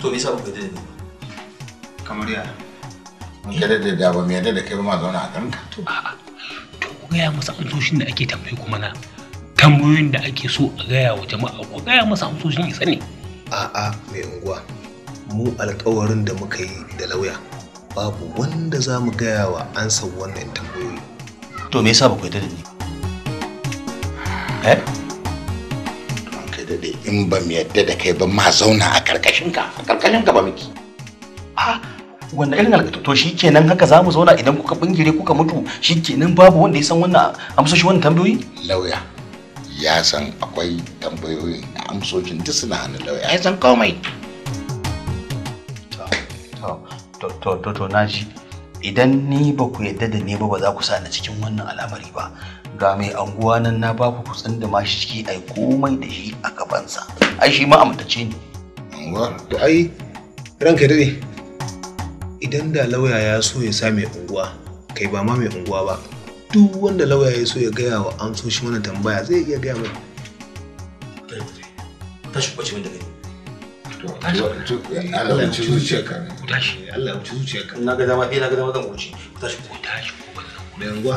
to bisa ba ku da ni kamar ya mun ka da da ba mu yarda da kai ba ma zauna a kanka to a'a to ku gaya masa amsoshin da ake tambaye kuma na tambayoyin da ake so a gaya wa jama'a ku gaya masa amsoshin isa ne a'a mai unguwa mu alƙawarin da muka yi da lauya babu wanda za mu gaya wa ansa wannan tambayoyi to me yasa ba ku yarda da ni eh daɗe in ba mu yadda da kai ba ma zauna a karkashin ka a karkashin ka ba miki a wanda irin alƙatu to shi kenan haka za mu zauna idan kuka bingire kuka mutu shi kenan babu wanda ya san wannan amsoshi wannan tambayoyi lauya ya san akwai tambayoyin da amsoshin duk suna hannun lauya ya san komai to to to na ji idan ni ba ku yadda da ni ba ba za ku sa ni cikin wannan al'amari ba ga mai anguwa nan na ba ku kutsin da ma shi ciki ai komai da shi a gabansa ai shi ma amtace ne anguwa to ai ranka dade idan da lauya ya so ya sa mai unguwa kai ba ma mai unguwa ba duk wanda lauya ya so ya gaya wa shi wannan tambaya zai iya gaya mai tashi kwace min da kai Allah ya ci zuciyarka ne. Ku tashi. Allah ya ci zuciyarka. Na ga dama ɗaya eh, na ga dama zan wuce. Ku tashi ku tashi ku wannan. Mai unguwa.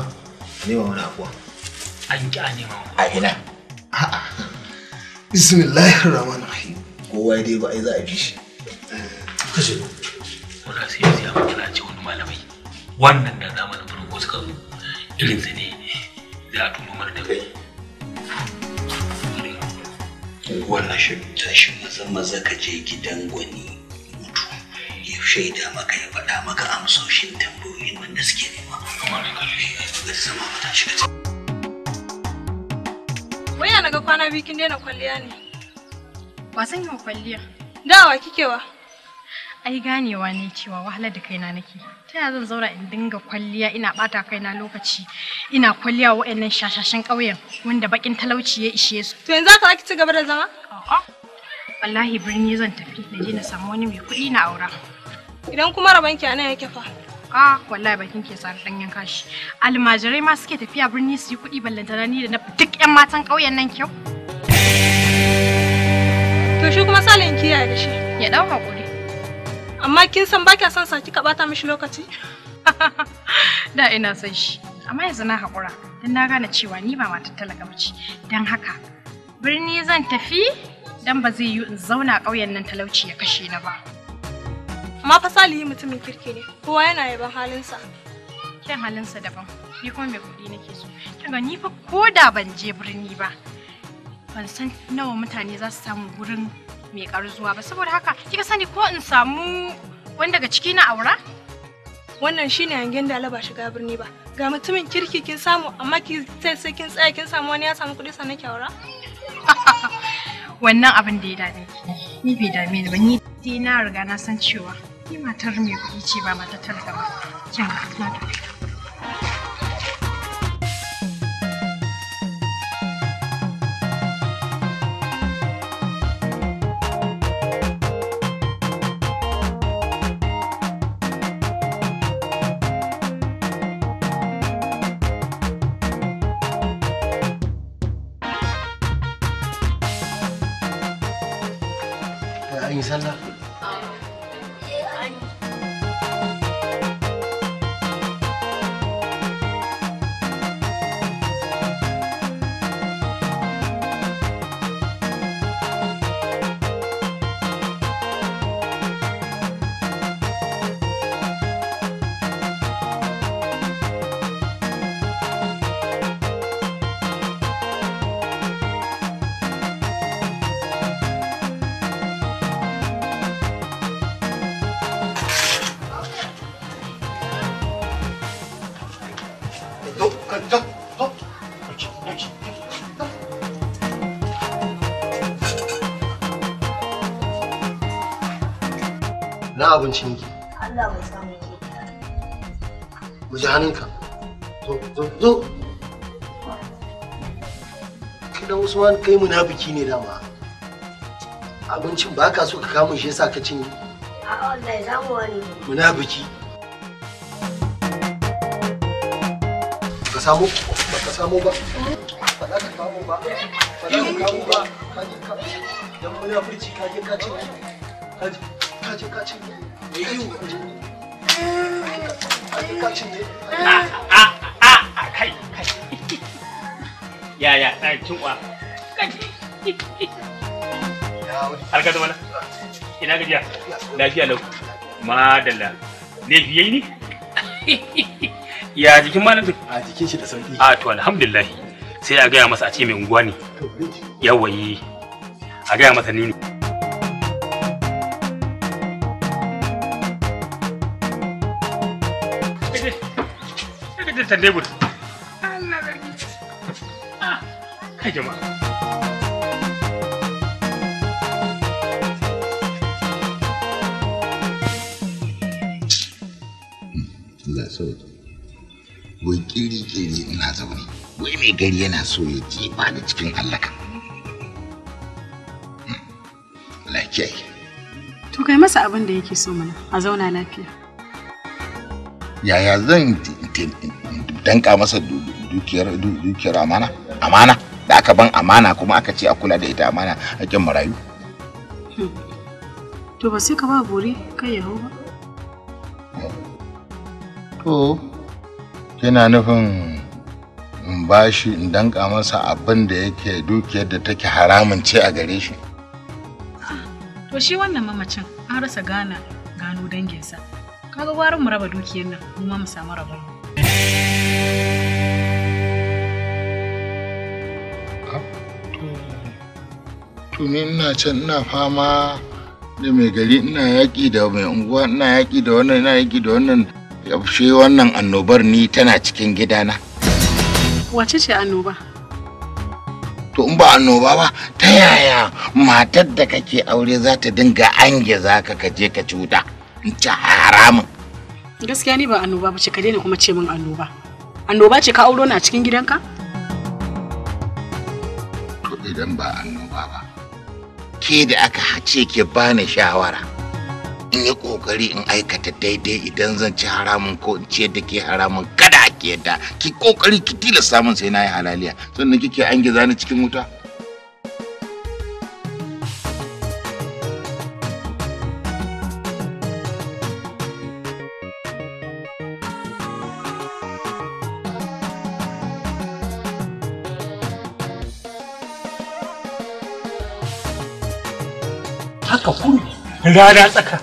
nema wani abuwa? an ƙi a nema a ina a'a bismillahir rahmanir rahim kowa dai ba ai za a bi shi kashe muna kuna sai sai amma kana ce wani malamai wannan da zamanin farko suka zo irin sa ne za a turo mana da kai wannan shi tashi maza maza ka je gidan gwani mutu ya shaida maka ya faɗa maka amsoshin tambayoyin wanda suke nema Waya na ga kwana biyu kin daina kwalliya ne. Ba san yawan kwalliya. Dawa kike wa? Ai ganewa ne cewa wahalar da kaina nake. Ta yaya zan zauna in dinga kwalliya ina bata kaina lokaci ina kwalliya wa'annan shashashen ƙauyen wanda bakin talauci ya ishe su. To yanzu haka ci gaba da zama? A'a. Wallahi birni zan tafi na je na samu wani mai kuɗi na aura. Idan kuma rabanki a nan yake fa. sauka wallahi bakin ke tsara danyen kashi almajirai ma suke tafiya birni su yi kuɗi ballantana ni da na duk yan matan ƙauyen nan kyau to shi kuma salin kiyaye da shi ya dau hakuri amma kin san ba kya son sa kika bata mishi lokaci da ina son shi amma yanzu na hakura, don na gane cewa ni ba matar talaka ce. don haka birni zan tafi don ba zai yi in zauna ƙauyen nan talauci ya kashe na ba. Amma fa Salihu mutumin kirki ne, kowa yana yaban halinsa. kin halinsa daban, ni kuma mai kuɗi nake so. ga ni fa ko da ban je birni ba, ban san nawa mutane za su samu gurin mai karzuwa ba. Saboda haka, kika sani ko in samu wani daga ciki na aura? Wannan shine hangen da ba shiga birni ba. Ga mutumin kirki kin samu amma ki sai kin tsaya kin samu wani ya samu kuɗi sannan ki aura? Wannan abin da ya dame ni bai dame ni ba ni na riga na san cewa matar mai kuɗi ba matar talaka ba. Kin ina abincin ki? Mu ji hannunka. Zo, zo, Usman kai munafiki ne dama. Abincin ba ka so ka kamun shi yasa ka cinye. A'a ba ka samu ba. Ba za ka ba. Ba za ka ba. Ka je ka. ka je ka Ka je Ya ya na cin uwa. Alkata mana. Ina gajiya. Lafiya lau. Madalla. ne? Ya jikin malamin? A jikin shi A to alhamdulillah. Sai a gaya masa a Ya, mai unguwa ne. Yawayi. A gaya masa kan lebur ah, kai jama'a wai kiri-kiri ina zaune mai gari yana so ya da cikin hmm. masa abin da yake so mana a zauna lafiya yaya zan danka masa dukiyar dukiyar amana amana da aka ban amana kuma aka ce a kula da ita amana hakkin marayu to ba sai ka ba bori kai ya ba to kina nufin in ba shi in danka masa abin da yake dukiyar da take haramun ce a gare shi to shi wannan mamacin an rasa gana gano danginsa kaga warin mu raba dukiyar nan mu ma mu samu rabon mu to ni ina can ina fama da mai gari ina yaƙi da mai unguwa ina yaƙi da wannan ina yaƙi da wannan yaushe wannan annobar ni tana cikin gidana. Wace ce annoba? To in ba annoba ba ta yaya matar da kake aure za ta dinga ange za ka kaje ka cuta in ci haramun. Gaskiya ni ba annoba ba ce ka daina kuma ce min annoba. Annoba ce ka auro na cikin gidanka? To idan ba annoba. ke da aka hace ke bani shawara in yi kokari in aikata daidai idan zan ci haramun ko in ce da ke haramun kada ke yadda ki kokari ki tilasta min sai na yi halaliya sannan kike an giza cikin wuta rana tsaka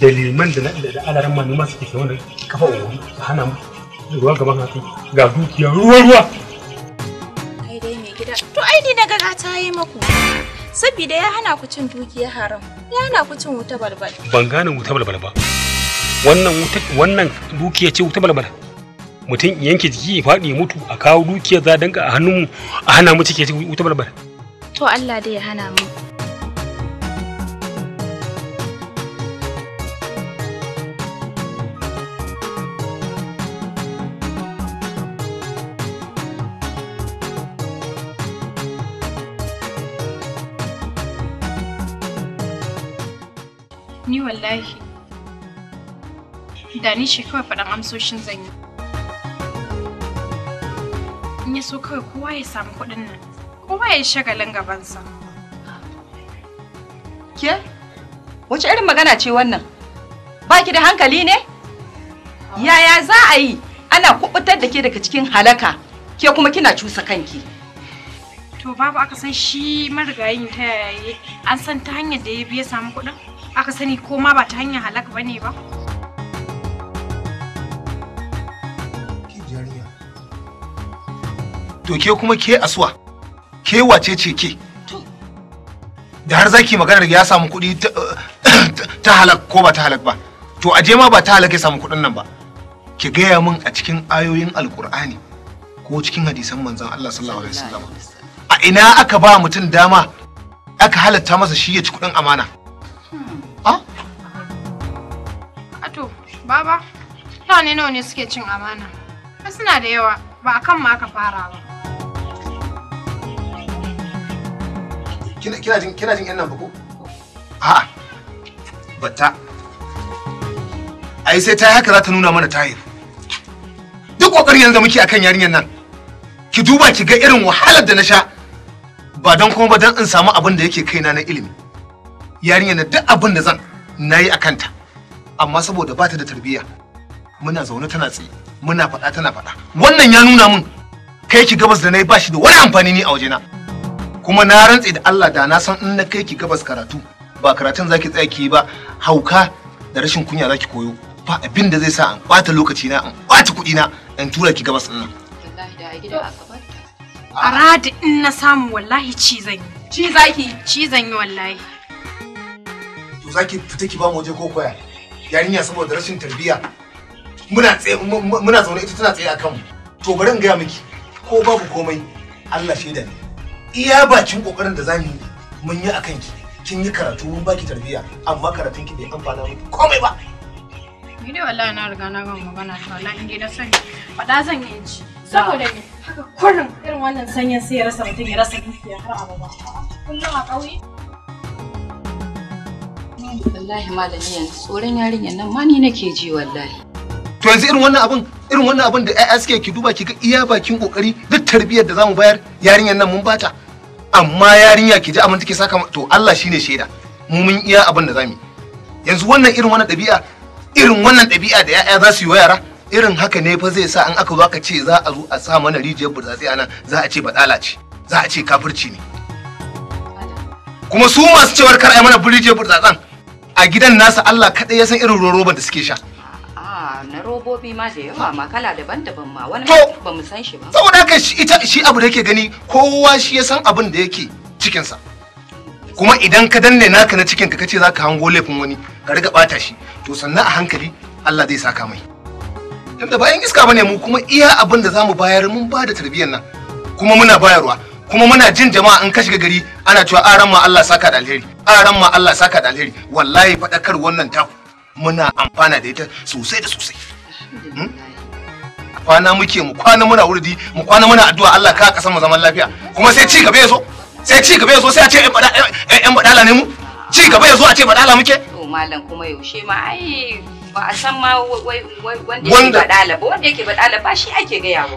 da liman da da alaran ma noma suke wani kafa uwa a hana ruwa gaban hatsi ga dukiya ruwa ruwa dai mai gida to ai ni na ga ta yi maku saboda ya hana ku cin dukiyar haram ya hana ku cin wuta balbal ban gane wuta balbal ba wannan wuta wannan dukiya ce wuta balbal mutum yanke jiki ya faɗi mutu a kawo dukiyar za a danka a hannunmu a hana mu cike wuta balbal to Allah dai ya hana mu wallahi da ni ce kawai amsoshin zan yi in ya so kawai kowa ya samu kuɗin nan kowa ya shagalin gabansa ke wace irin magana ce wannan ba ki da hankali ne yaya za a yi ana kubutar da ke daga cikin halaka ke kuma kina cusa kanki to babu aka san shi marigayin ta yaya an san ta hanyar da ya biya samu kuɗin aka sani ko ma ba ta hanyar halak ba ne ba to ke kuma ke asuwa ke wace ce ke da har zaki maganar ya samu kuɗi ta halak ko ba ta halak ba to aje ma ba ta halak ya samu kuɗin nan ba ki gaya min a cikin ayoyin alkur'ani ko cikin hadisan manzon Allah sallallahu alaihi wasallam a ina aka ba mutum dama aka halatta masa shi ya ci kuɗin amana Baba, mutane nawa ne suke cin amana? Suna da yawa, ba a kan ma aka fara ba. Kina jin kina jin nan ko? A'a. Batta. Ai sai ta haka za ta nuna mana tahir. Duk kokarin yanzu muke akan yarinyar nan. Ki duba ki ga irin wahalar da na sha ba don kuma ba don in samu abin da yake kaina na ilimi. Yarinyar na duk abin da zan nayi akanta. amma saboda ba ta da tarbiyya muna zaune tana tsaye muna faɗa tana faɗa wannan ya nuna mun kai ki gabas da na yi ba shi da wani amfani ni a wajena kuma na rantse da Allah da na san in na kai ki gabas karatu ba karatun zaki tsaya ki ba hauka da rashin kunya zaki koyo ba abin da zai sa an ɓata lokaci na an ɓata kudi na in tura ki gabas ɗin nan. Aradi in na samu wallahi ci zan yi. Ci zaki? Ci zan yi wallahi. To zaki fita ki ba mu waje ko koya? yarinya saboda rashin tarbiyya muna tsaye muna zaune ita tana tsaye akan to bari in gaya miki ko babu komai Allah shaida ne iya bakin kokarin da zamu yi mun yi akan ki kin yi karatu mun baki tarbiyya amma karatun ki bai amfana miki komai ba ni dai wallahi na riga na gama magana to wallahi in dai na sani faɗa zan yi ci saboda me haka kurin irin wannan sanyin sai ya rasa mutum ya rasa dukiya har abada kullum a ƙauye wallahi malami yanzu tsoron yarinyar nan ma ni nake ji wallahi to yanzu irin wannan abun irin wannan abun da ƴaƴa suke ki duba ki ga iya bakin kokari duk tarbiyyar da zamu bayar yarinyar nan mun bata amma yarinya ki ji abin da take saka to Allah shine shaida mu mun iya abin da zamu yanzu wannan irin wannan ɗabi'a irin wannan ɗabi'a da ƴaƴa za su yi wa yara irin haka ne fa zai sa an aka zo aka ce za a zo a sa mana rijiyar a nan za a ce badala ce za a ce kafirci ne kuma su masu cewar kar ai mana rijiyar burtsatsan a gidan nasa Allah kaɗai ya san irin roban da suke sha na robobi ma da yawa ma kala daban-daban ma wani ba mu san shi ba saboda haka ita shi abu da yake gani kowa shi ya san abin da yake cikinsa kuma idan ka danne naka na cikin ka ce za ka hango laifin wani ka riga bata shi to sannan a hankali Allah zai saka mai tunda bayan iska bane mu kuma iya abin da zamu bayar mun ba da tarbiyyar nan kuma muna bayarwa kuma muna jin jama'a in ka shiga gari ana cewa aran ma Allah saka da alheri aran ma Allah saka da alheri wallahi faɗakar wannan ta muna amfana da ita sosai da sosai hmm? kwana muke mu kwana muna wurdi mu kwana muna addu'a Allah ka kasan mu zaman lafiya kuma sai ci gaba yazo sai ci gaba yazo sai a ce ƴan badala ne mu ci gaba yazo a ce badala muke to malam kuma yaushe ma ai ba a san ma wanda yake badala ba wanda yake badala ba shi ake gaya ba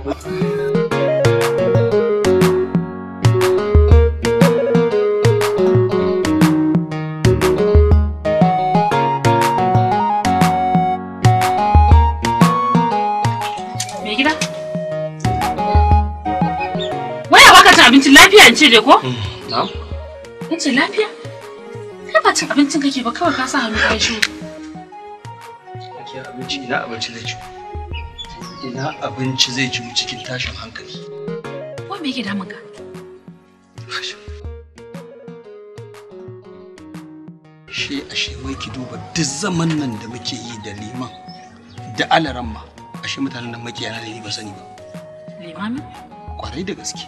an cire ko? Mm, lafiya? ba cin abincin kake ba kawai ka sa hannu kai shi. Ake abinci ina abinci zai ci. Ina abinci zai ci cikin tashin hankali. Ko me yake damun ka? Shi ashe ki duba duk zaman nan da muke yi da liman da alaramma ashe mutanen nan makiyana ne ba sani ba. Limamin? Kwarai da gaske.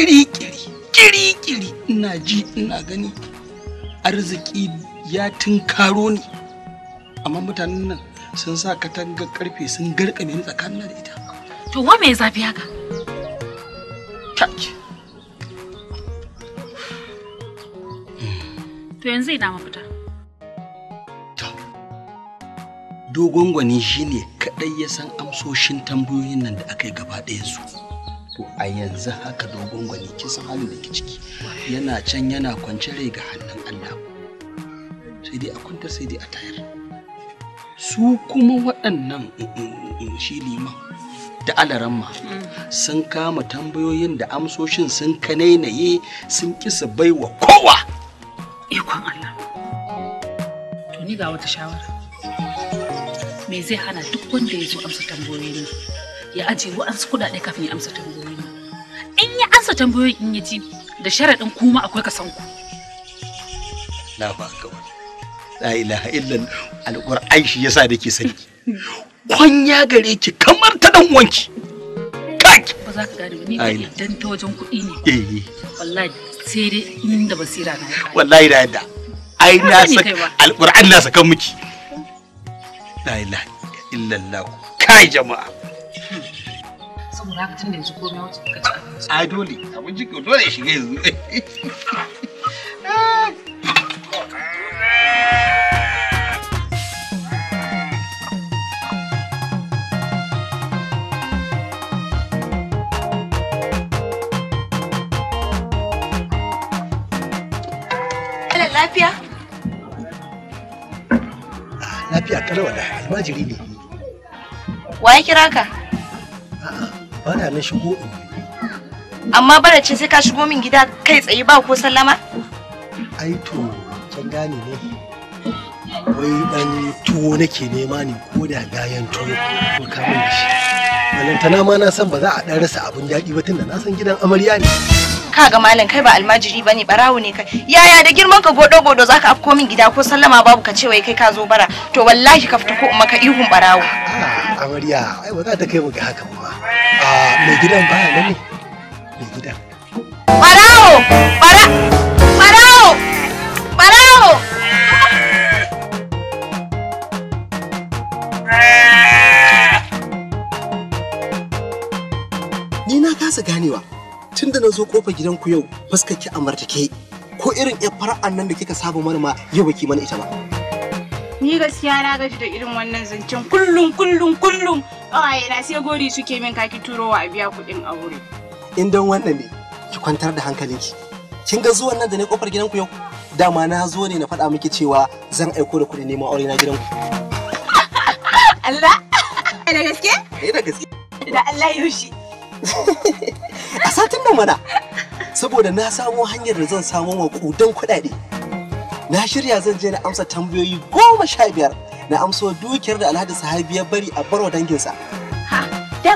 Kiri-kiri, kiri-kiri, ina ji ina gani arziki ya tunkaro ni amma mutanen nan sun sa katanga karfe sun garkame ni tsakanin da ita to wa mai zafi haka to yanzu ina mafita dogon gwani shine kadai ya san amsoshin tambayoyin nan da aka yi gaba ɗayan su to a yanzu haka dogon gwani kisan halin da ke ciki yana can yana kwance rai ga hannun Allah sai dai a kwanta sai dai a tayar su kuma waɗannan mm, mm, mm, shi liman da alaramma sun kama tambayoyin da amsoshin sun kanainaye sun kisa baiwa kowa ikon Allah to ni ga wata shawara me zai hana duk wanda ya zo amsa tambayoyin ya ajiye waɗansu kuɗaɗe kafin ya amsa tambayoyi in ya amsa tambayoyi in ya ji da sharaɗin kuma akwai kasan ku la ba ka la ilaha illa alqur'an shi yasa nake sarki ya gare ki kamar ta dan wanki kaki ba za ka gane ba ni ba dan ta wajen kuɗi ne eh, eh wallahi sai dai da basira na wallahi da yadda ai na sa alqur'an na saka miki la ilaha illallah kai jama'a saboda haka tun da yanzu komai wata ka ci abinci ai dole abinci ko dole ya shiga yanzu lafiya? Lafiya kala wala almajiri ne. Wa ya kira ka? bana na shigo in amma barace ce sai ka shigo min gida kai tsaye ba ko sallama ai to kin gane ne wai dan tuwo nake nema ne ko da gayan tuwo ko ka min shi balantana ma na san ba za a dan rasa abun daɗi ba tunda na san gidan amarya ne ka ga malam kai ba almajiri bane barawo ne kai yaya da girman ka godo godo zaka afko min gida ko sallama babu ka ce wai kai ka zo bara to wallahi ka fita ko umma ka ihun barawo ah, amarya ai ba za ta kai mu ga haka ba mai gidan ba nan ne mai gidan farao fara farao farao ni na kasa ganewa tunda na zo kofar ku yau fuskar ki amartake ko irin yar fara'an nan da kika saba mana ma yau baki mana ita ba ni gaskiya na gaji da irin wannan zancen kullum kullum kullum ƙawaye na sai gori suke min kaki turowa a biya kuɗin aure. in don wannan ne ki kwantar da hankalinki kin ga zuwan nan da ne kofar gidanku yau dama na zo ne na faɗa miki cewa zan aiko da kuɗi neman aure na gidanku. Allah da gaske? Eh, da gaske. Da Allah yaushe. A satin nan mana saboda na samo hanyar da zan samo wa kudan kuɗaɗe. na shirya zan je na amsa tambayoyi goma sha biyar na amsa dukiyar da alhaji sahabi ya bari a barwa danginsa. Ha,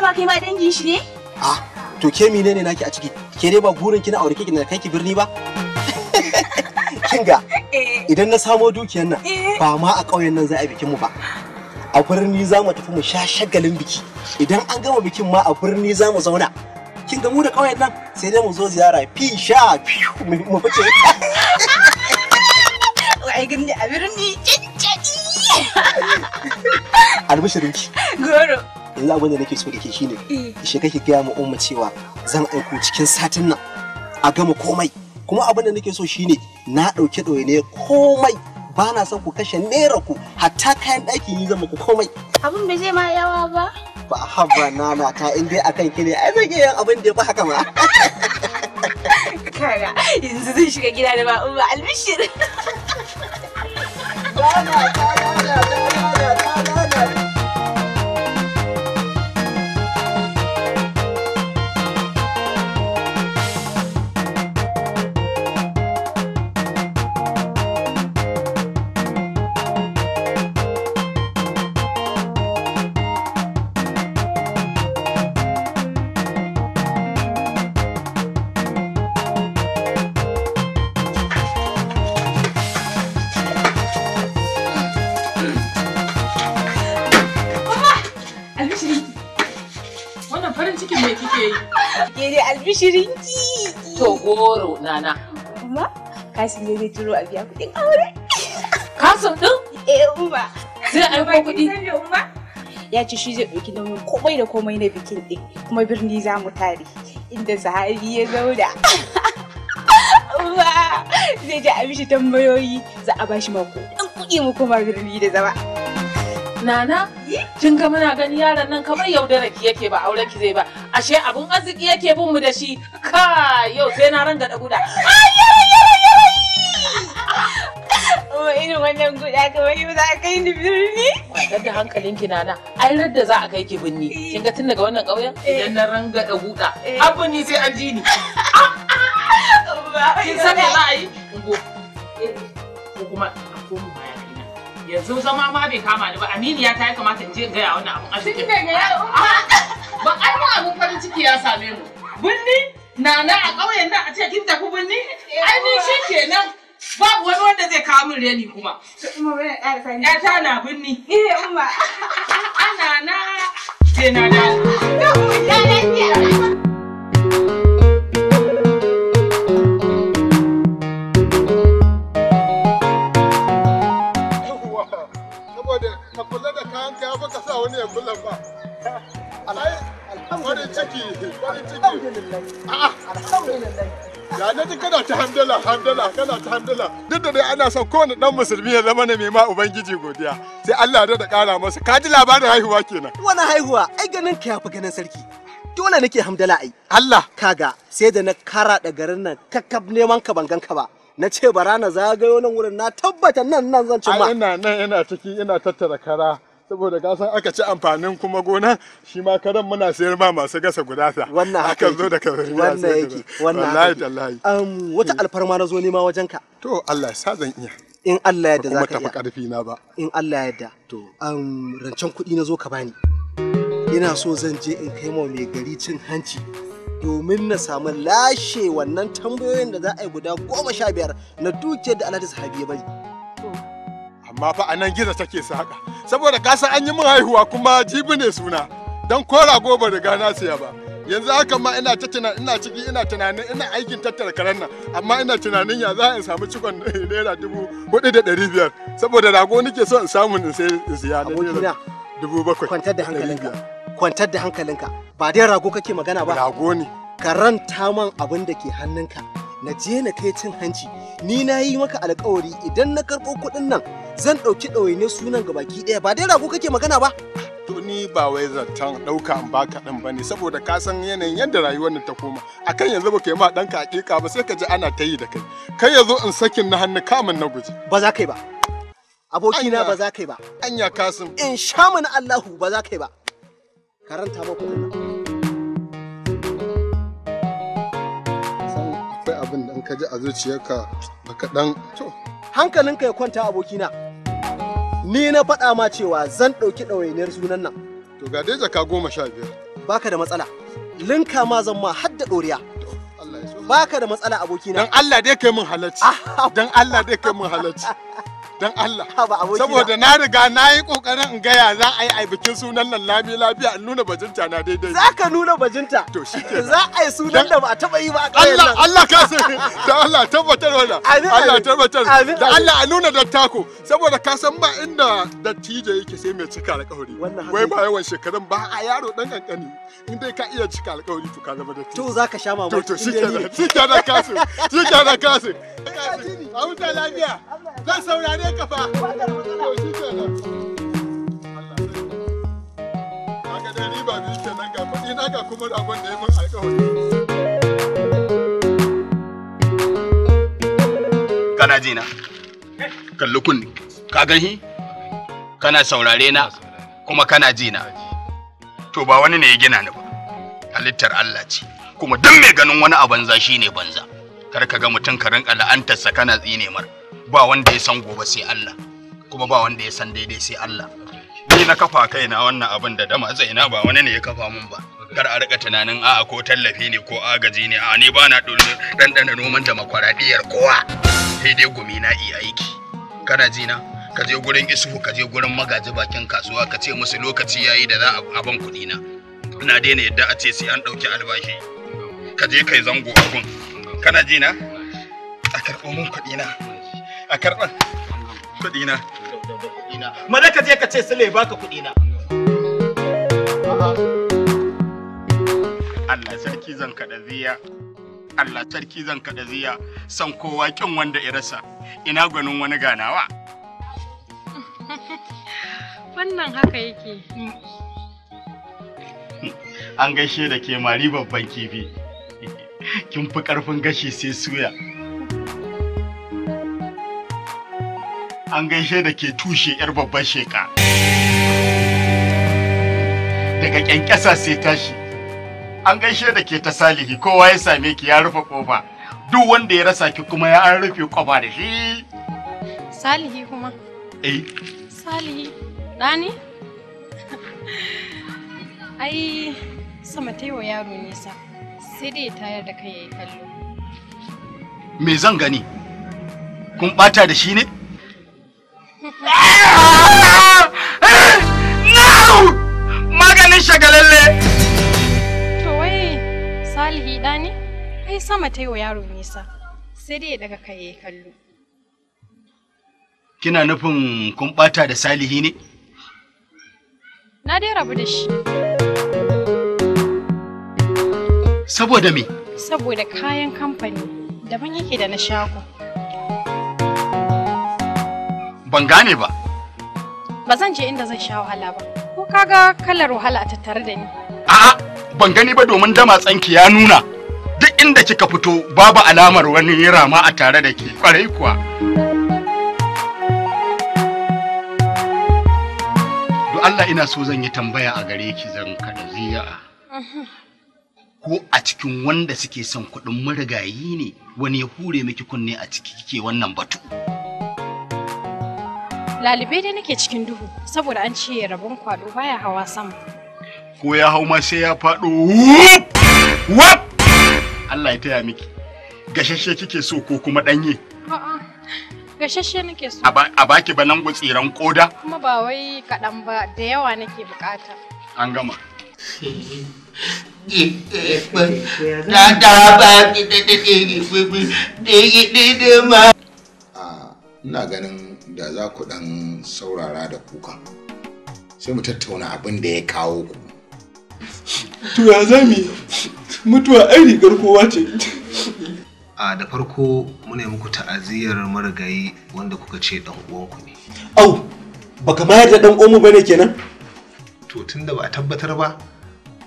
ba kai ma dangin shi ne? Ha, to ke mine ne naki a ciki? Ke dai ba burin kina na aure kiki na kai ki birni ba? Kinga, eh. idan na samo dukiyar nan eh. ba ma a ƙauyen nan za a bikin mu ba. A birni za mu tafi mu sha shagalin biki. Idan an gama bikin ma a birni za mu zauna. kinga ga mu da ƙauyen nan sai dai mu zo ziyara fi sha mu fice. ai gani a birni cancanci albishirinki goro yanzu abin da nake so da ke shi ne, eh. shi kake gaya ma umma cewa zan aiko cikin satin nan a gama komai kuma abin da nake so shi ne, na ɗauke ɗauye ne komai ba na son ku kashe naira ku hatta kayan ɗaki ni zama ku komai abin bai zai ma yawa ba ba haba na ta in dai akan ki ne ai zan iya yin abin da ya fi haka ma kara yanzu zan shiga gida da ba umma albishir. Dana, dana, dana, dana, dana. goro nana. Umma, Kasim ne zai turo a biya kuɗin aure. Kasim ɗin? Eh, Umma. Zai aiko kuɗi? Ya ce shi zai ɗauki nauyin komai da komai na bikin ɗin, kuma birni za mu tare, inda sahabi ya zauna. Uba, zai je a mishi tambayoyi, za a bashi mako. Ɗan kuɗi mu kuma birni da zama. Nana, kin ga muna gani yaron nan kamar yaudara ki yake ba aure ki zai ba. Ashe abun arziki yake bin mu da shi. Ka yau sai na ranga da guda. Kuma oh, irin wannan guda kamar yau za a kai ni birni. Kwantar da hankalin ki nana, ai radda za a kai ki birni. Eh. Kin ga tun daga wannan ƙauyen? Eh. Idan na ranga da guda, eh. abin ni sai an ji ni. Kin san me za a yi? Ko kuma yanzu zama ma bai kama ni ba aminiya ta ya kamata in je gaya wannan abun arziki tun daga yau ba ai mu abun farin ciki ya same mu binni nana a ƙauyen nan a ce kin tafi binni ai ni shi kenan babu wani wanda zai kawo min reni kuma ya ta na binni eh umma ana na ke na dawo an kaya baka sa wani ya ba ciki ciki ya kana ta hamdala hamdala kana ta hamdala duk da dai ana son kowane dan musulmi ya zama na ma ubangiji godiya sai Allah da da kara masa ka ji labarin haihuwa kenan wani haihuwa ai ganin ka yafi ganin sarki dole nake hamdala ai Allah kaga sai da na kara da garin nan kakkab neman ka ban ganka ba na ce bara na zagayo nan wurin na tabbata nan nan zan cimma ina nan ina ciki ina tattara kara saboda ka san aka ci amfanin kuma gona shi ma karan muna sayar ma masu gasa ta wannan haka zo da kazari wannan yake wannan wallahi tallahi um wata hmm. alfarma na zo nema wajen ka to Allah ya sa zan iya in Allah ya yarda za ka iya karfi na ba in Allah ya yarda to um rancen kuɗi na zo ka bani ina so zan je in kai ma mai gari cin hanci domin na samu lashe wannan tambayoyin da za a yi guda goma sha biyar na dukiyar da ta Sahabi ya bari amma fa anan gizo take saka saboda ka san an yi min haihuwa kuma jibi ne suna dan ko rago ba riga na siya ba yanzu haka ma ina ta tunanin ina ciki ina tunanin ina aikin tattara karen nan amma ina tunanin ya za a samu cikon naira dubu hudu da ɗari biyar saboda rago nake so in samu in sai in siya na dubu bakwai kwantar da hankalinka kwantar da hankalinka ba dai rago kake magana ba rago ne karanta man abin da ke hannunka na je na kai cin hanci ni na yi maka alkawari idan na karɓo kuɗin nan zan ɗauki ɗawainiyar sunan ga baki ɗaya ba dai rago kake magana ba to ni ba wai zaton ɗauka ba baka ɗin ba ne saboda ka san yanayin yadda rayuwar nan ta koma akan yanzu ba yi ma ɗanka hakika ba sai ka ji ana ta yi da kai kai ya zo in sakin na hannu kamun na guji ba za ka yi ba abokina ba za ka yi ba anya kasim in sha mana allahu ba za ka yi ba karanta ba kuma nan abin da in ka ji a zuciyarka ba kaɗan to. Hankalinka ya kwanta abokina. Ni na faɗa ma cewa zan ɗauki ɗawainiyar sunan nan. To ga dai jaka goma sha biyar. Baka da matsala. Linka ma zan ma har da ɗoriya. Baka da matsala abokina. Dan Allah dai kai min halacci. Ah, ah. Dan Allah dai kai min halacci. don Allah saboda na riga na yi kokarin in gaya za a yi a bikin sunan nan lami lafiya in nuna bajinta na daidai za ka nuna bajinta to shi ke za a yi sunan da ba a taba yi ba a ƙauyen nan Allah ka san da Allah tabbatar wala. Allah tabbatar da Allah a nuna dattako saboda ka san ba inda dattijo yake sai mai cika alƙawari wai ba yawan shekarun ba a yaro dan kankani in dai ka iya cika alƙawari to ka zama dattijo to za ka sha mamaki to shi ke shi ke da kasu shi ke da kasu a huta lafiya zan saurare ka fa na kana ji na kalli kunni ka ganhi kana saurare na kuma kana ji na to ba wani ne ya gina ni ba halittar Allah ce kuma duk mai ganin wani a banza shine banza kar ka ga mutum ka rinka la'antarsa kana tsine mar ba wanda ya san gobe sai Allah kuma ba wanda ya san daidai sai Allah ni na kafa kaina wannan abin da dama zaina ba wani ne ya kafa mun ba kar a rika tunanin a'a ko tallafi ne ko agaji ne a ni ba na ɗanɗana noman makwaradiyar kowa sai dai gumi na iya aiki kana ji na ka je gurin isuhu ka je gurin magaji bakin kasuwa ka ce musu lokaci yayi da za a ban kuɗi na ina daina yadda a ce sai an ɗauki albashi ka je kai zango abun kana ji na a karɓo mun kuɗi na a karɓar kuɗina. Maza ka je ka ce Sule baka kuɗina. Allah sarki zan kaɗa ziya. Allah sarki zan kaɗa ziya. San kowa kin wanda irasa. Ina gwanin wani ganawa. Wannan haka yake. An gaishe da ke mari babban kifi. Kin fi ƙarfin gashi sai suya. an gaishe da ke tushe 'yar babban sheka. Daga kyankyasa sai tashi, an gaishe da ke ta salihi kowa ya same ki ya rufe ƙofa, duk wanda ya rasa ki kuma ya an rufe ƙofa da shi. Salihi kuma? Eh. Salihi, dani Ai, sama ta wa yaro nisa, sai dai tayar da kai ya yi kallo. Me zan gani? Kun bata da shi ne? Maganin shagalalle. To wai Salihi ɗani? Ai sama ta yi wa yaro nisa. Sai dai ya daga ka ya kallo. Kina nufin kun ɓata da Salihi ne? Na dai rabu da shi. Saboda me? Saboda kayan kamfani daban yake da na shago. ban gane ba ba zan je inda zan sha wahala ba ko kaga kalar wahala a tattare da ni a'a ban gani ba domin dama tsanki ya nuna duk inda kika fito babu alamar wani rama a tare da ke kwarai kuwa Allah ina so zan yi tambaya a gare ki zan kada ziya ko a cikin wanda suke son kuɗin marigayi ne wani ya hure miki kunne a ciki kike wannan batu. Lalibe dai nake cikin duhu saboda an ce rabon kwado baya hawa sama. Ko ya hau ma sai ya fado wap Allah ya taya miki. Gashashe kike so ko kuma ɗanye? A'a. Gashashe nake so. A baki balangu tsiran koda? Kuma ba wai kaɗan ba da yawa nake bukata. An gama. Ah, ina ganin da za ku ɗan saurara da kuka sai mu tattauna abin da ya kawo ku to ya zami mutuwa ai rigar ce a da farko muna muku ta'aziyar marigayi wanda kuka ce dan uwanku ne au baka ma da dan uwanmu bane kenan to tunda ba a tabbatar ba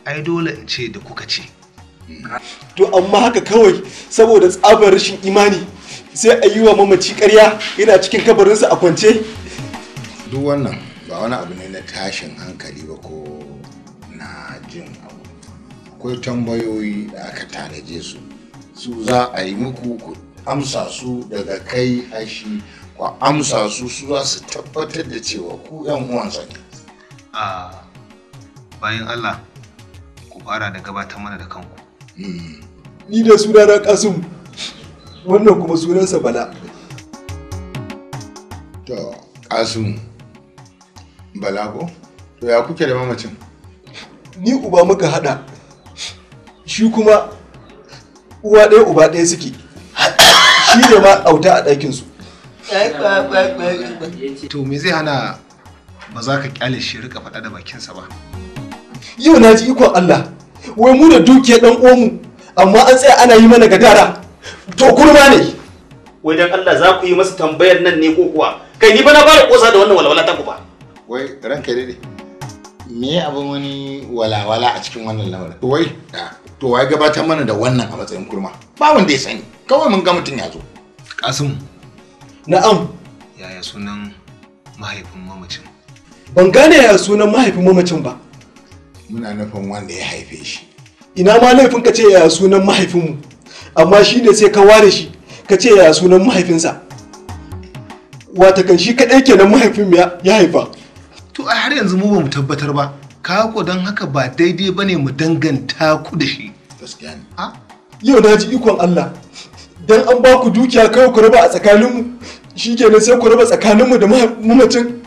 ai dole in ce da kuka ce to amma haka kawai saboda tsabar rashin imani sai a yi wa mamaci karya yana cikin kabarinsa a kwance duk wannan ba wani abu ne na tashin hankali ba ko na jin abu akwai tambayoyi da aka tanaje su su za a yi muku ku amsa su daga kai ashi ku amsa su su za su tabbatar da cewa ku yan uwansa ne a bayan allah ku fara da gabatar mana da kanku hmm. ni da sunana kasum wannan kuma sunansa bala to kasu bala ko to ya kuke da mamacin ni uba muka hada shi kuma uwa ɗaya uba ɗaya suke shi ne ma auta a ɗakinsu to me zai hana ba za ka kyale shi rika faɗa da bakinsa ba yau na ji ikon allah wai mu da dukiyar ɗan uwanmu amma an tsaya ana yi mana gadara to kurma ne wai dan Allah za ku yi masa tambayar nan ne ko kuwa kai ni ba na fara kosa da wannan walwala ta ku ba wai ranka dai me ya abin wani walawala a cikin wannan lamarin to wai to wai gabatar mana da wannan a matsayin kurma ba wanda ya sani kawai mun ga mutum ya zo kasim na'am yaya sunan mahaifin mamacin ban gane yaya sunan mahaifin mamacin ba muna nufin wanda ya haife shi ina ma laifin ka ce yaya sunan mahaifinmu amma shi ne sai ka ware shi ka ce ya sunan mahaifinsa wata kan shi kaɗai kenan mahaifin ya haifa to a har yanzu mu ba mu tabbatar ba ka ko don haka ba daidai ba ne mu danganta ku da shi ah? yau na ji ikon Allah dan an ba ku dukiya kawai ku raba a tsakaninmu shi kenan sai ku raba tsakaninmu da mamacin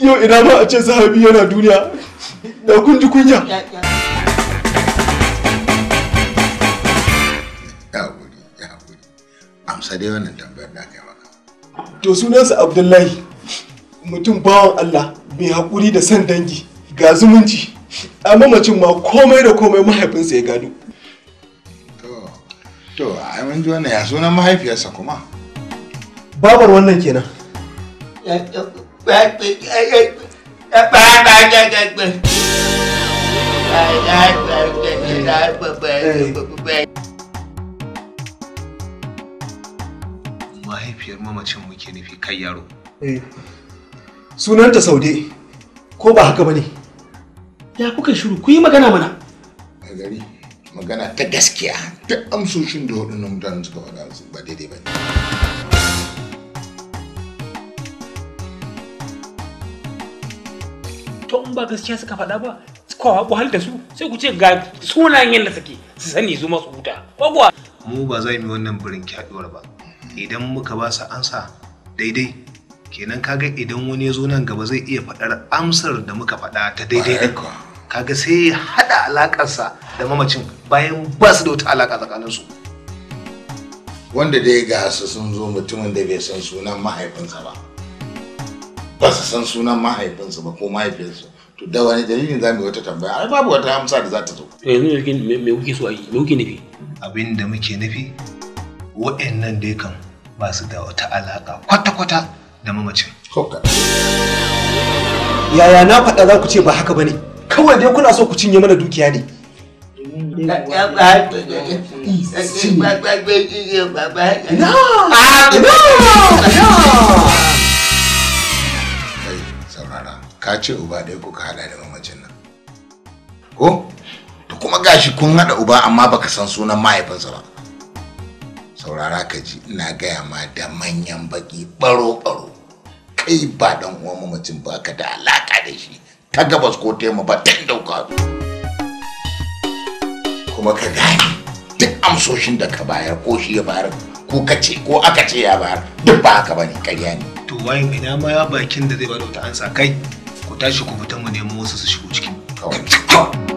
yau ina ma a ce sahabi yana duniya da kun kunya amsa dai wannan tambayar da kai maka to sunansa abdullahi mutum bawan allah mai haƙuri da san dangi ga zumunci a mamacin ma komai da komai mahaifinsa ya gado to to ai mun ji wannan ya sunan mahaifiyarsa kuma babar wannan kenan Bye. mahaifiyar mamacin muke nufi kai yaro eh. sunanta saude ko ba haka bane ya kuka shiru ku yi magana mana a gari magana ta gaskiya ta amsoshin da waɗannan mutanen suka faɗa su ba daidai ba to in ba gaskiya suka faɗa ba kowa buhal da su sai ku ce ga sunayen yadda suke su sani su masu huta mu ba za mu yi wannan birin kyaɗuwar ba idan muka ba su ansa daidai kenan kaga idan wani ya zo nan gaba zai iya faɗar amsar da muka faɗa ta daidai ɗin kaga sai ya haɗa alaƙarsa da mamacin bayan ba su da wata alaƙa tsakaninsu wanda dai ga su sun zo mutumin da bai san sunan mahaifinsa ba ba su san sunan mahaifinsa ba ko mahaifinsa to da wani dalilin za mu yi wata tambaya ai babu wata amsa da za ta zo yanzu me kuke so a yi me kuke nufi abin da muke nufi wa'annan dai kan ba su da wata alaƙa kwata-kwata da mamacin. Yaya na faɗa za ku ce ba haka ba ne, kawai dai kuna so ku cinye mana dukiya ne. ka ce uba ɗaya kuka haɗa da mamacin nan ko to kuma gashi kun haɗa uba amma baka san sunan mahaifinsa ba saurara ka ji ina gaya ma da manyan baki baro-baro kai ba dan uwan mamacin ba ka da alaka da shi ta gabas ko tema ba ta dauka kuma ka gane duk amsoshin da ka bayar ko shi ya bayar ko ka ce ko aka ce ya bayar duk ba haka bane ƙarya ne to waye mai ma ya bakin da zai bada wata ansa kai ku tashi ku fita mu nemo wasu su shigo cikin kawai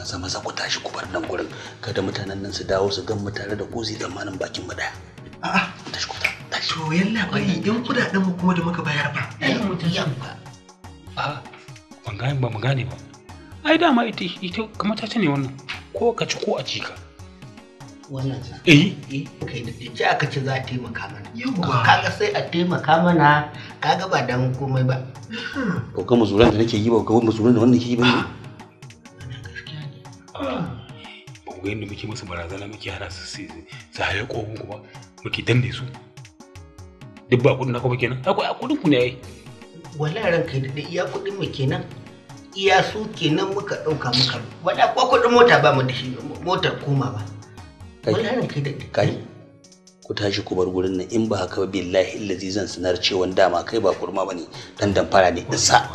maza maza ku tashi ku bar nan gurin kada mutanen nan su dawo su gan mu tare da ku zamanin bakin mu daya a'a tashi ku tashi to yalla bai yan kudaden mu kuma da muka bayar ba a ban gane ba mu gane ba ai dama ita ita kamar ta ne wannan ko ka ci ko a ci ka wannan sa eh? eh kai da ji aka ce za a taimaka mana yawa kaga sai a taimaka mana kaga ba dan komai ba hmm. ko ka musuran da nake yi ba ko musuran da wannan ke yi ba ku ga yadda muke musu barazana muke hana su su haye kofin kuma ba muke danne su duk ba kudin kuma kenan akwai a kudin ku ne yayi wallahi ran kai da iya kudin mu kenan iya su kenan muka dauka muka wala ko kudin mota ba mu da shi motar koma ba wallahi kai da kai ku tashi ku bar gurin nan in ba haka ba billahi illazi zan sanar cewa dama kai ba kurma bane dan damfara ne isa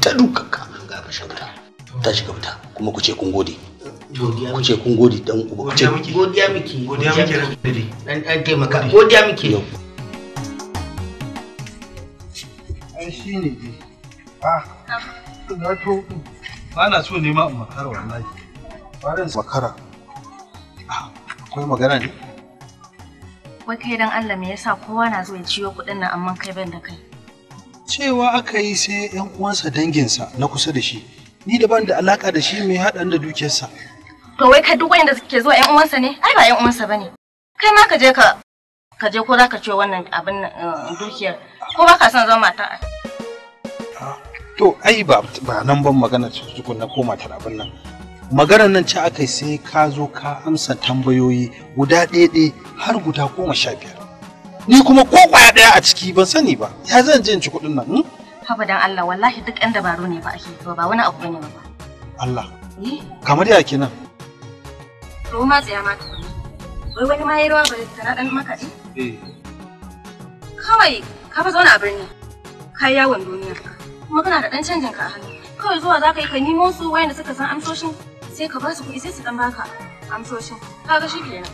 ta dukaka ga fashe ta tashi ka fita kuma ku ce kun gode godiya muke kun gode dan uba godiya muke godiya muke dan dan taimaka godiya miki?" ai shine ah to ba na so nema in makara wallahi barin makara ah, akwai magana ne wai kai dan Allah me yasa kowa na zo ya ciyo kuɗin nan amma kai ban da kai cewa aka yi sai yan uwansa danginsa na kusa da shi ni da ban da alaka da shi mai haɗa da dukiyarsa to wai ka duk wanda suke zuwa 'yan uwansa ne ai ba 'yan uwansa bane kai ma ka je ka ka je ko ka ciwo wannan abin eh, dukiyar ko ba ka son zama mata ah, to ai ba ba nan ban magana ce tukun na ko matar abin nan maganar nan ce aka sai ka zo ka amsa tambayoyi guda ɗaya har guda goma sha biyar ni kuma ko kwaya ɗaya a ciki ban sani ba ya zan je in ci kuɗin nan hmm? haba dan Allah wallahi duk ɗan dabaru ne ba ake ba wani abu bane ba Allah eh? kamar ya kenan to ma tsaya ma tukuni wai wani ma ya rawa ba tana dan makaɗi kawai ka fa zauna a birni yi yawon duniya kuma kana da dan canjin ka a hannu kawai zuwa za ka yi ka nemo su wayanda suka san amsoshin sai ka ba su kuɗi sai su dan baka amsoshin ga shi kenan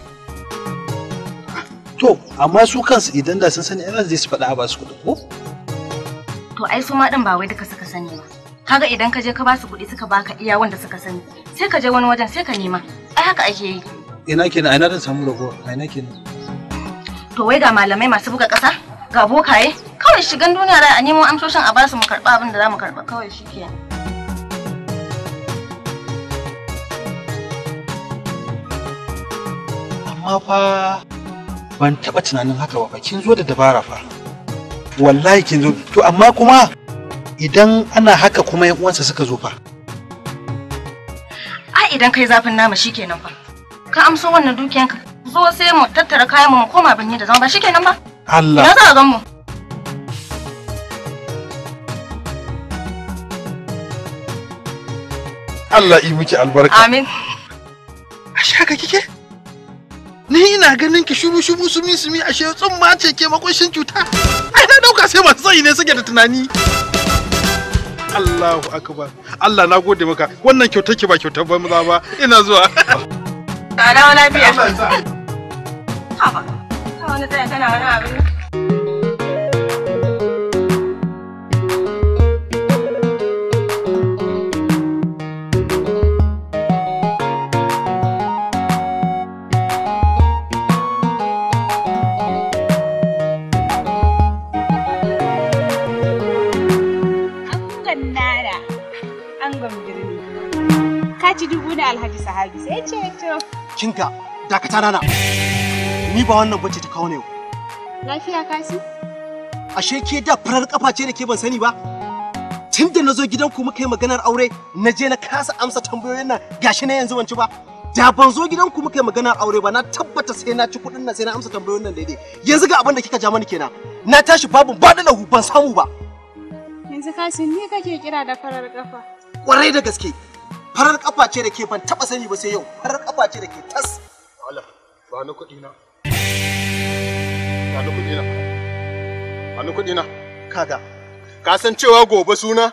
to amma su kansu idan da sun sani ai za su faɗa a ba su kuɗi ko to ai su ma din ba wai duka suka sani ba kaga idan ka je ka basu kuɗi suka baka iya wanda suka sani sai ka je wani wajen sai ka nema ai haka ake yi ina kenan a ina da samu rago a ina kenan to wai ga malamai masu buga ƙasa ga bokaye kawai shigan duniya rai a nemo amsoshin a basu mu karɓa abin da za mu karɓa kawai shi kenan amma fa ban taɓa tunanin haka ba kin zo da dabara fa wallahi kin zo to amma kuma idan ana haka kuma yan uwansa suka zo fa ai idan kai zafin nama shikenan fa ka amso wannan dukiyanka zo sai mu tattara kayan mu koma binne da zama ba shikenan ba Allah ina za a gan mu Allah yi miki albarka amin ashe haka kike ni ina ganin ki shubu shubu sumi sumi ashe tsumma ce ke makoshin cuta ai na dauka sai masu tsayi ne suke da tunani Allahu akbar Allah na gode maka wannan kyauta ki ba kyautar ba maza ba ina zuwa Ana lafiya Haba ta wani tana wani abin Kinga, dakata nana. Ni ba wannan bace ta kawo ne. Lafiya kasi? Ashe ke da farar kafa ce nake ke ban sani ba? tunda nazo na zo gidanku muka yi maganar aure, na je na kasa amsa tambayoyin nan gashi na yanzu wanci ba. Da ban zo gidanku muka yi maganar aure ba, na tabbata sai na ci kuɗin nan sai na amsa tambayoyin nan daidai. Yanzu ga abin da kika ja mani kenan. Na tashi babu ba da lahu ban samu ba. Yanzu kasi ni kake kira da farar kafa. Kwarai da gaske. farar kafa ce da ke ban taba sani ba sai yau farar kafa ce da ke tas Allah ba ni kuɗi na ba ni kuɗi na ba ni kuɗi na kaga ka san cewa gobe suna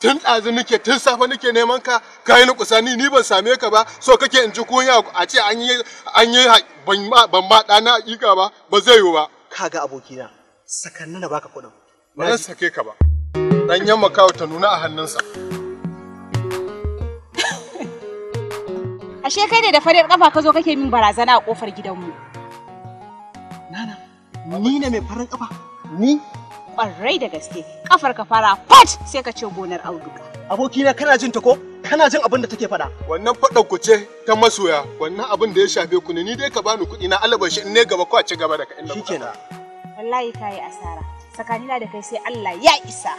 tun ɗazu nake tun safe nake neman ka ka yi nukusani ni ban same ka ba so kake in ji kunya a ce an yi an yi ban ma ban ma ɗana hakika ba ba zai yiwu ba kaga abokina sakanna na baka kuɗin ba zan sake ka ba dan yamma kawo ta nuna a hannunsa Ashe kai ne da farin kafa ka zo kake min barazana a kofar gidanmu. Nana, ni ne mai farin kafa? Ni? Ƙwarai da gaske, kafar ka fara fat sai ka ce gonar auduga. Abokina kana jin ta ko? Kana jin abin da take faɗa? Wannan faɗan ku ce ta masoya, wannan abin da ya shafe ku ne, ni dai ka bani kuɗi na shi in ne gaba ko a ci gaba da ka inda Shikenan. Wallahi ka yi asara, tsakanina da kai sai Allah ya isa.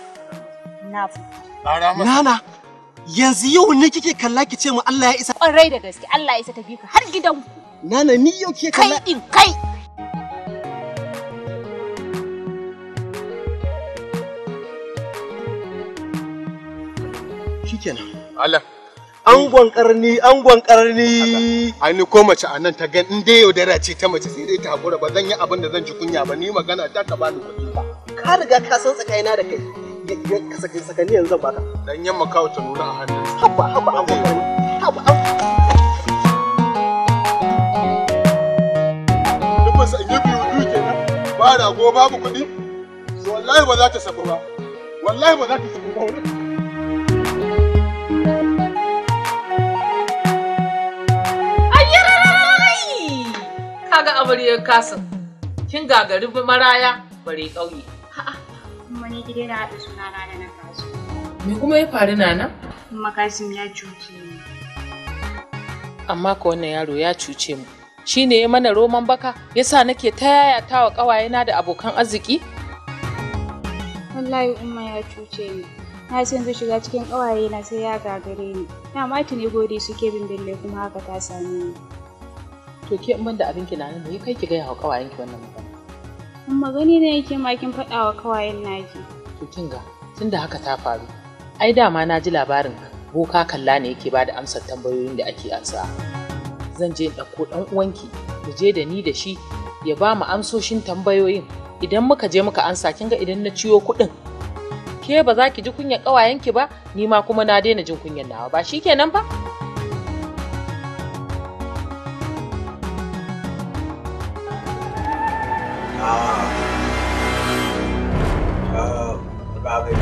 Na Nana. yanzu yau ne kike kalla ki ce mu Allah ya isa Kwarai da gaske Allah ya isa tafi ka har gidan nana ni yau kike kalla kai din kai shikenan Allah angon karni angon karni ai ni ko mace a nan ta gan in dai yaudara ce ta mace sai dai ta hakura ba zan yi abin da zan ji kunya ba ni magana ta ka bani kuɗi ba ka riga ka san tsakanina da kai sakani yanzu ka dan yamma kawo ta nuna a hannu haba haba abubuwan haba abubuwan san yi biyu biyu kenan ba rago babu wallahi ba za ta ba wallahi ba za ta ba kaga amaryar kasan kin gagari maraya bare ƙauye ni gida na haɗa sunana da na kasu. Me kuma ya faru nana? Makasim ya cuce ni. Amma ka wannan yaro ya cuce mu. Shi ne ya mana roman baka Ya sa nake ta ta wa ƙawayena da abokan arziki? Wallahi umma ya cuce ni. Na san zai shiga cikin ƙawayena sai ya gagare ni. Na mati ne gode suke bin bille kuma haka ta same ni. To ke in ban da abinki na nan ne kai ki gaya wa ƙawayenki wannan magana. Amma gani ne yake ma kin faɗa wa kawayen naki. To kin ga tunda haka ta faru. Ai dama na ji labarin boka kalla ne yake bada amsar tambayoyin da ake asa. Zan je in ɗauko ɗan uwanki mu je da ni da shi ya ba mu amsoshin tambayoyin idan muka je muka ansa kin ga idan na ciyo kuɗin ke ba za ki ji kunyar ƙawayenki ba ni ma kuma na daina jin kunyar nawa ba shikenan ba Ah. Oh, about it.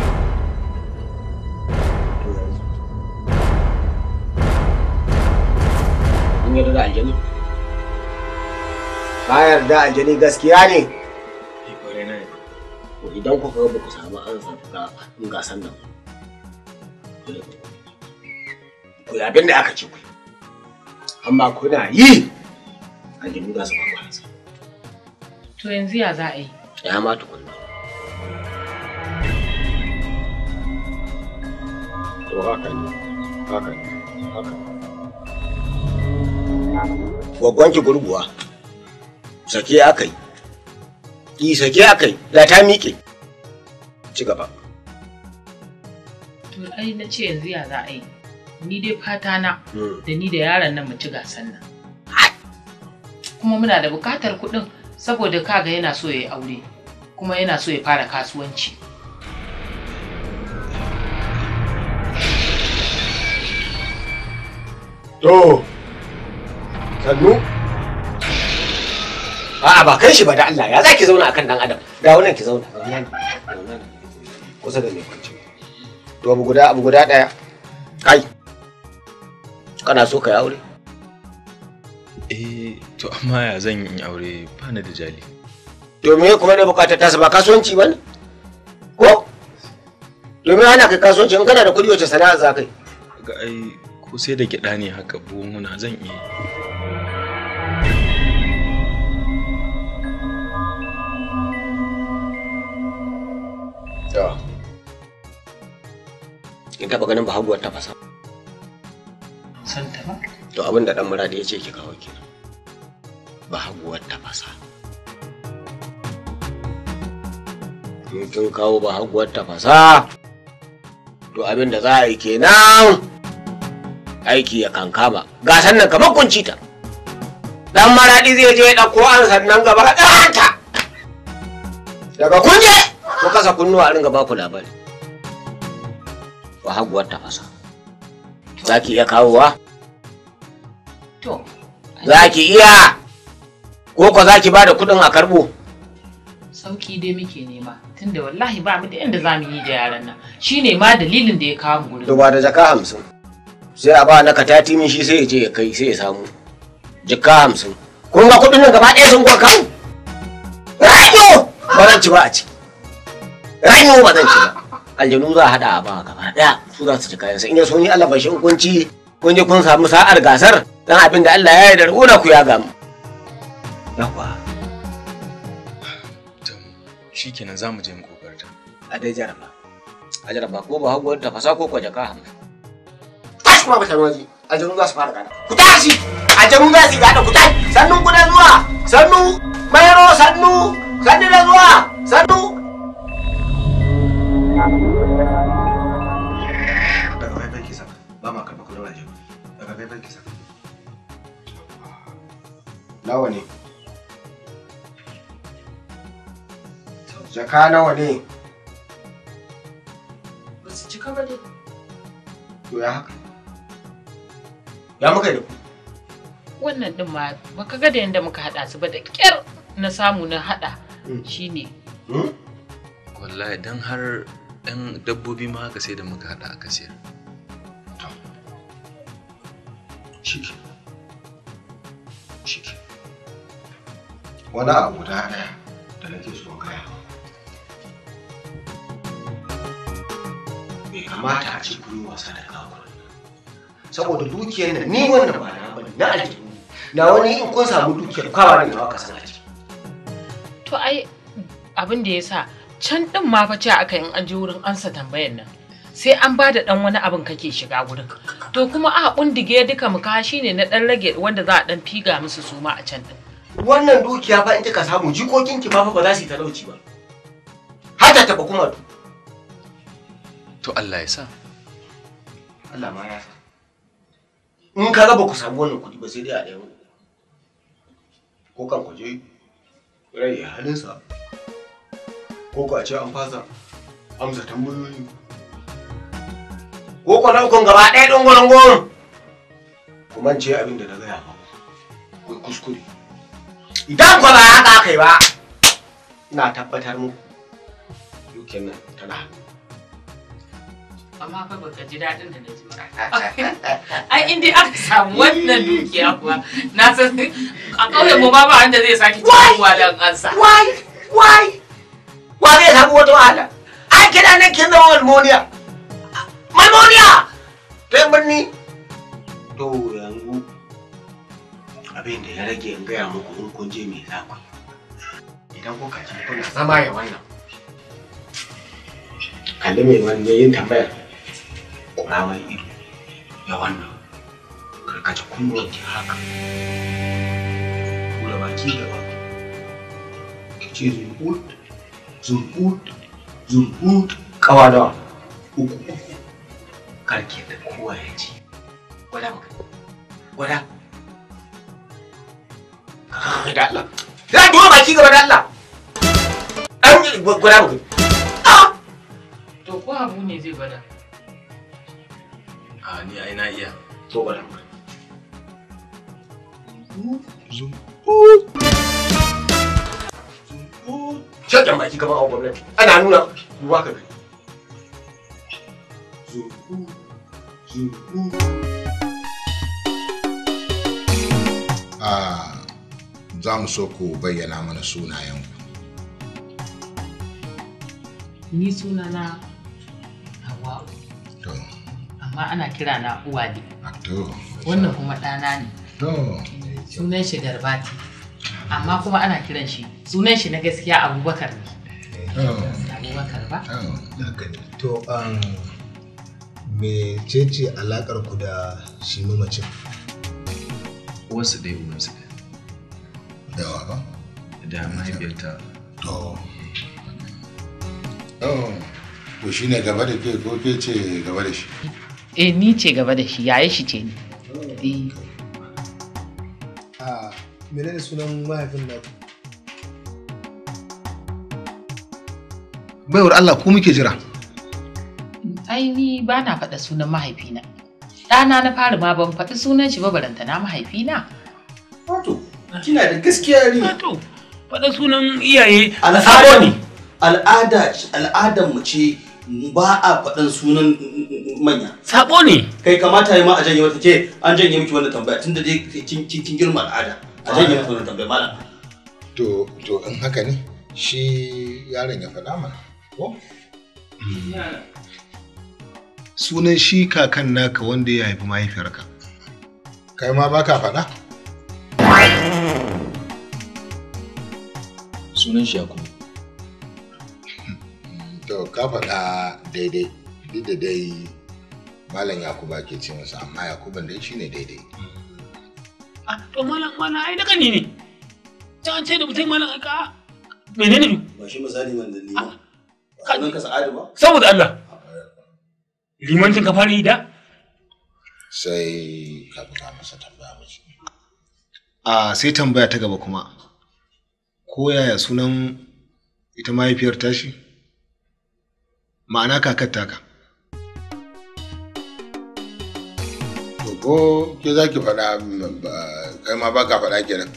Kun da aljani? Ka da aljani gaskiya ne? Idan kuka ga ku samu ansa ga gasan nan. Ku abin da aka ce ku. Amma kuna yi aljani za su ba ku To yanzu ya za a yi? Ya ma tukunna. To haka ne, haka ne, haka ne. Gwaggonki gurguwa, sake aka yi, yi sake aka yi, da ta miƙe. Ci gaba. To ai na ce yanzu ya za a yi, ni dai fata na hmm. da ni da yaron nan mu ci gasan nan. Kuma muna da buƙatar kuɗin. saboda kaga yana so ya yi aure kuma yana so ya fara kasuwanci to sannu a'a ba kan shi ba da Allah ya za ki zauna akan dan adam ga wannan ki zauna kusa da mai kwanci to abu guda abu guda daya kai kana so ka yi aure Eh, to amma ya zan yi aure ba na da jali. To me kuma ne bukatar tasa ba kasuwanci ba ne? Ko? Domin ana kai kasuwanci in kana da kuɗi wace sana'a za kai? Ga ai ko sai da gida ne haka buhunhuna zan iya. To. In taɓa ganin ba haguwar ta fasa. San ta ba? to abin da dan muradi ya ce ki kawo ki ba haguwar tafasa in kin kawo ba haguwar tafasa to abin da za a yi kenan aiki ya kankama ga nan ka makunci ta dan maradi zai je ya dauko an sannan gaba ta daga kunje ku kasa kunnuwa a ringa ba ku labari ba haguwar tafasa za ki iya kawowa To. Za ki iya ko ko za ki ba da kuɗin a karɓo? Sauki dai muke nema tunda wallahi ba mu da inda za mu yi da yaran nan shi ne ma dalilin da ya kawo mu gurin. To ba da jaka hamsin sai a ba na katati min shi sai ya je ya kai sai ya samu jaka hamsin. Kun ga kuɗin nan gaba ɗaya sun kuwa kawo? Rayo! Ba zan ci ba a ci. Rayo ba zan ci ba. Aljanu za a haɗa a ba gaba ɗaya su za su ci kayan sai in ya so ni Allah bashin hukunci. kun je kun samu sa'ar gasar dan abin da Allah ya yi da runa ku ya gamu yawa to shikenan za mu je mu kokarta a dai jaraba a jaraba ko ba hagu ta fasa ko kwaje ka hamsa tashi kuma ba ta mazi a jarun za su fara gana ku tashi a jarun za su gana ku tashi sannu ku da zuwa sannu mayaro sannu sannu da zuwa sannu Thank you. kai zan nawa ne jaka nawa ne ba su cika ba ne to ya haka ya muka da ku wannan ɗin ma baka ga da yadda muka hada su ba da kyar na samu na hada hmm. shine hmm? wallahi dan har dan dabbobi ma haka sai da muka hada aka sayar ciki ciki wani abu da ɗaya da nake so gaya bai kamata a ci kuyi wasa da kakon saboda dukiyar da ni wannan ba na bane na aljihu na wani in kun samu dukiyar kwawa ne nawa ka san aljihu to ai abin da ya sa can din ma fa ce aka yin an je wurin ansa tambayar nan sai an ba da dan wani abin kake shiga wurin to kuma a kundige duka muka shine na dan rage wanda za a dan figa musu su ma a can din wannan dukiya fa in kika samu jikokin ki ma fa ba za su yi talauci ba hata ta kuma to Allah ya sa Allah ma ya sa in ka raba ba ku samu wannan kuɗi ba sai dai a ɗaya ko kan ku je rai halinsa ko ku a ce an fasa amsa tambayoyi ko kwanan kun gaba ɗaya ɗin gwanon gwanon kuma ce abin da na gaya ba ku kuskure idan ku ba haka kai ba ina tabbatar mu. yukin nan tana hannu amma fa baka ji daɗin da na ba. Ai aka samu wannan dukiya kuwa na san a ƙauyen mu ba ba wanda zai saki cikin wahalan ansa. Wai wai wai zai samu wata wahala. Ai kin zama almoniya. malmoniya ta yin birni to yanzu abin da ya rage in gaya muku in kun je mai zaku idan kuka ce kuna zama ya wannan kalli mai wanda yin tambayar kurawar ido ya wannan karkace kunnuwan ke haka kula baki da ba ce zumbut zumbut zumbut kawa da uku kar da kowa ya ci wala mu wala ah, da Allah da duwa baki gaba da Allah an yi gwada mu ah! to ko abu ne zai bada a ah, ni ai na iya to bada mu zum Shaƙin baki gaba a gwamnati ana nuna ruwa ka gani. Zum Ah, za mu so ku bayyana mana ku ni sunana hawa amma ana kira na uwa ne wannan kuma ɗana ne sunan shi garbati amma kuma ana kiran shi sunan shi na gaskiya abubakar ne abubakar ba to um, mecece alakar ku da shi mamacin wasu dai umar su da yawa ba da mahaifiyarta to to shi ne gaba da ke ko ke ce gaba da shi eh ni ce gaba da shi yaye shi ce ni eh. a ne sunan mahaifin naku baiwar Allah ko muke jira ai ni ba na faɗa sunan mahaifina ɗana na fari ma ban faɗi sunan shi ba baranta na mahaifina wato kina da gaskiya ne wato faɗa sunan iyaye al'ada ne al'ada al'adar mu ce ba a faɗan sunan manya sabo ne kai kamata yi ma a janye wata ce an janye miki wannan tambaya da dai kin kin girma al'ada a janye miki wannan tambaya malam to to in haka ne shi yaron ya faɗa mana ko hmm. sunan shi kakan naka wanda ya haifi mahaifiyarka kai ma baka faɗa sunan shi yakubu to ka faɗa daidai duk da dai malam yakuba ke ce masa amma yakuban dai shine daidai a ah, to malam malam ai daga ne ta an ce da mutum malam ka menene ba shi misali wanda ne ba ah, ka sa'adu ba saboda Allah limancin ka fara yi da sai ka buga masa tambaya mace a sai tambaya ta gaba kuma ko yaya sunan ita mahaifiyar tashi ma'ana kakar taka ko ke za ki faɗa kai ma ba ka faɗa kenan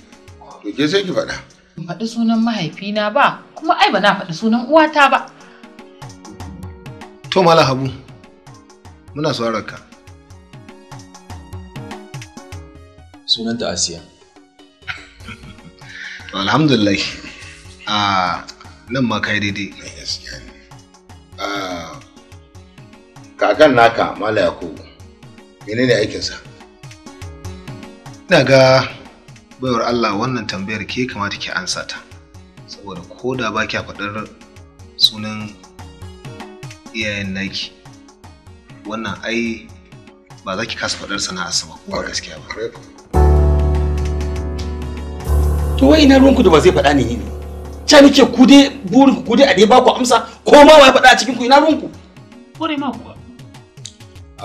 to ke sai ki faɗa ban faɗi sunan mahaifina ba kuma ai ba na faɗi sunan uwata ba to mala habu muna sauran ka sunanta asiya to alhamdulillah a ah, nan ma kai daidai ah, kakan naka mala yakubu ne aikinsa ina ga baiwar allah wannan tambayar ke kamata ke ansa ta saboda ko da ba kya faɗar sunan iyayen naki wannan ai ba za ki kasa faɗar sana'arsa ba kuma gaskiya ba to wai ina ruwanku da ba zai faɗa ne ne ca nake ku dai burin ku dai a dai ba ku amsa ko ma wai faɗa a cikin ku ina ruwanku kore ma kuwa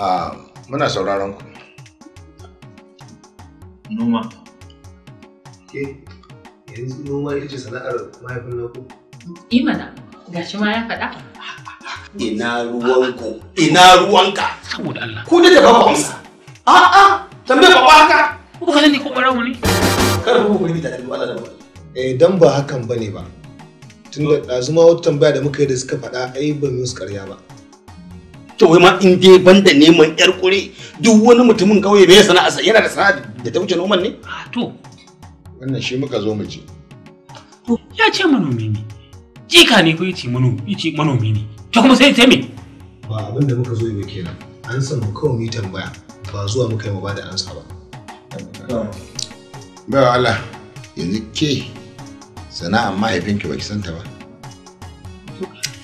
a ah, muna sauraron ku noma ke yanzu noma ita sana'ar mahaifin naku imana gashi ma ya faɗa ina ruwanku ina ruwanka saboda Allah ku da ba ku amsa a a tambayar ba haka ko ba ne ko barawo ne kar ku ku da Allah da eh dan ba hakan bane ba tun da ɗazu ma wata tambaya da muka yi da suka faɗa ai ba mu su karya ba to wai ma in dai banda neman yar kure duk wani mutumin kauye bai sana'a yana da sana'a da ta wuce noman ne to wannan shi muka zo mu ji ya ce manomi ne jika ne ko yace manomi yace manomi ne Ki kuma sai temi ba abin da muka zo yi kenan an san mu kawai mu tambaya ba zuwa muka yi mu ba da ansa ba ba Allah yanzu ke sana'ar ki ba ki santa ba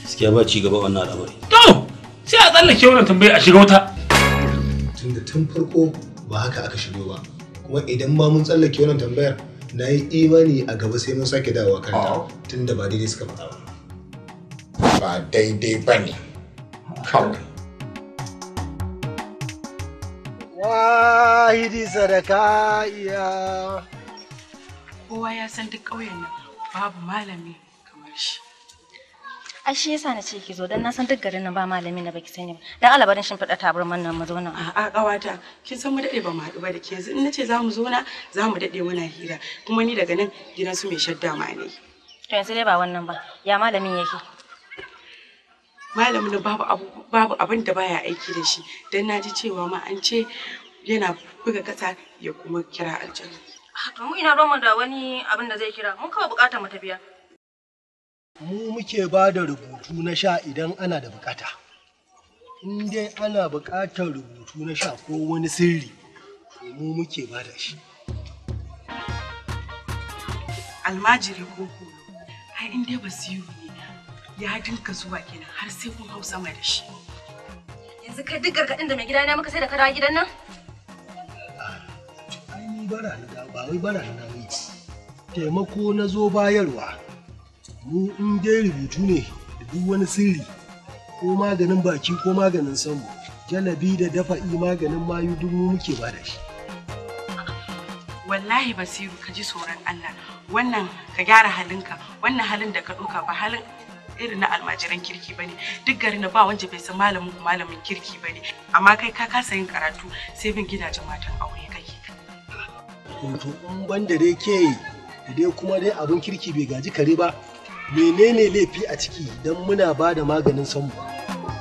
gaskiya ba ci gaba wannan al'amari to sai a tsallake wannan tambayi a shiga wata da tun farko ba haka aka shigo ba kuma idan ba mun tsallake wannan tambayar na yi imani a gaba sai mun sake dawowa kanta tunda ba daidai suka faɗa ba ba daidai ba ne kawai wahidi sadaka iya kowa ya san duk ƙauyen nan babu malami kamar shi Ashe shi yasa na ce ki zo dan na san duk garin nan ba malami na baki sani ba dan alabarin shin fada tabarman nan mu zo nan a kawata kin san mu dade ba mu haɗu ba da ke yanzu in nace za mu zo na za mu dade muna hira kuma ni daga nan gidan su mai shadda ma ne to yanzu dai ba wannan ba ya malamin yake malamin babu babu abin da baya aiki da shi dan na ji cewa ma an ce yana buga ƙasa ya kuma kira aljanu. Ah, to mu ina roma da wani abin da zai kira mun kawai buƙatar mu tafiya. mu muke ba da rubutu na sha idan ana da buƙata. in dai ana buƙatar rubutu na sha ko wani sirri mu muke ba da shi almajiri ko kolo, ai in dai basiru ya dinka zuwa kenan har sai kun hau sama da shi yanzu kai duk gargaɗin da mai gidana muka sai da kada gidan nan ai ni bara na ba wai bara na dawo taimako na zo bayarwa mu in dai rubutu ne da duk wani sirri ko maganin baki ko maganin sambo jalabi da dafa i maganin mayu duk mu muke ba da shi wallahi basiru ka ji tsoron allah wannan ka gyara halinka wannan halin da ka ɗauka ba halin irin na almajiran kirki bane duk garin na ba wanda bai san malamin ku malamin kirki bane amma kai ka kasa yin karatu sai bin gidajen matan aure kake to in ban da dai ke dai kuma dai abun kirki bai gaji kare ba menene laifi a ciki dan muna bada da maganin sanmu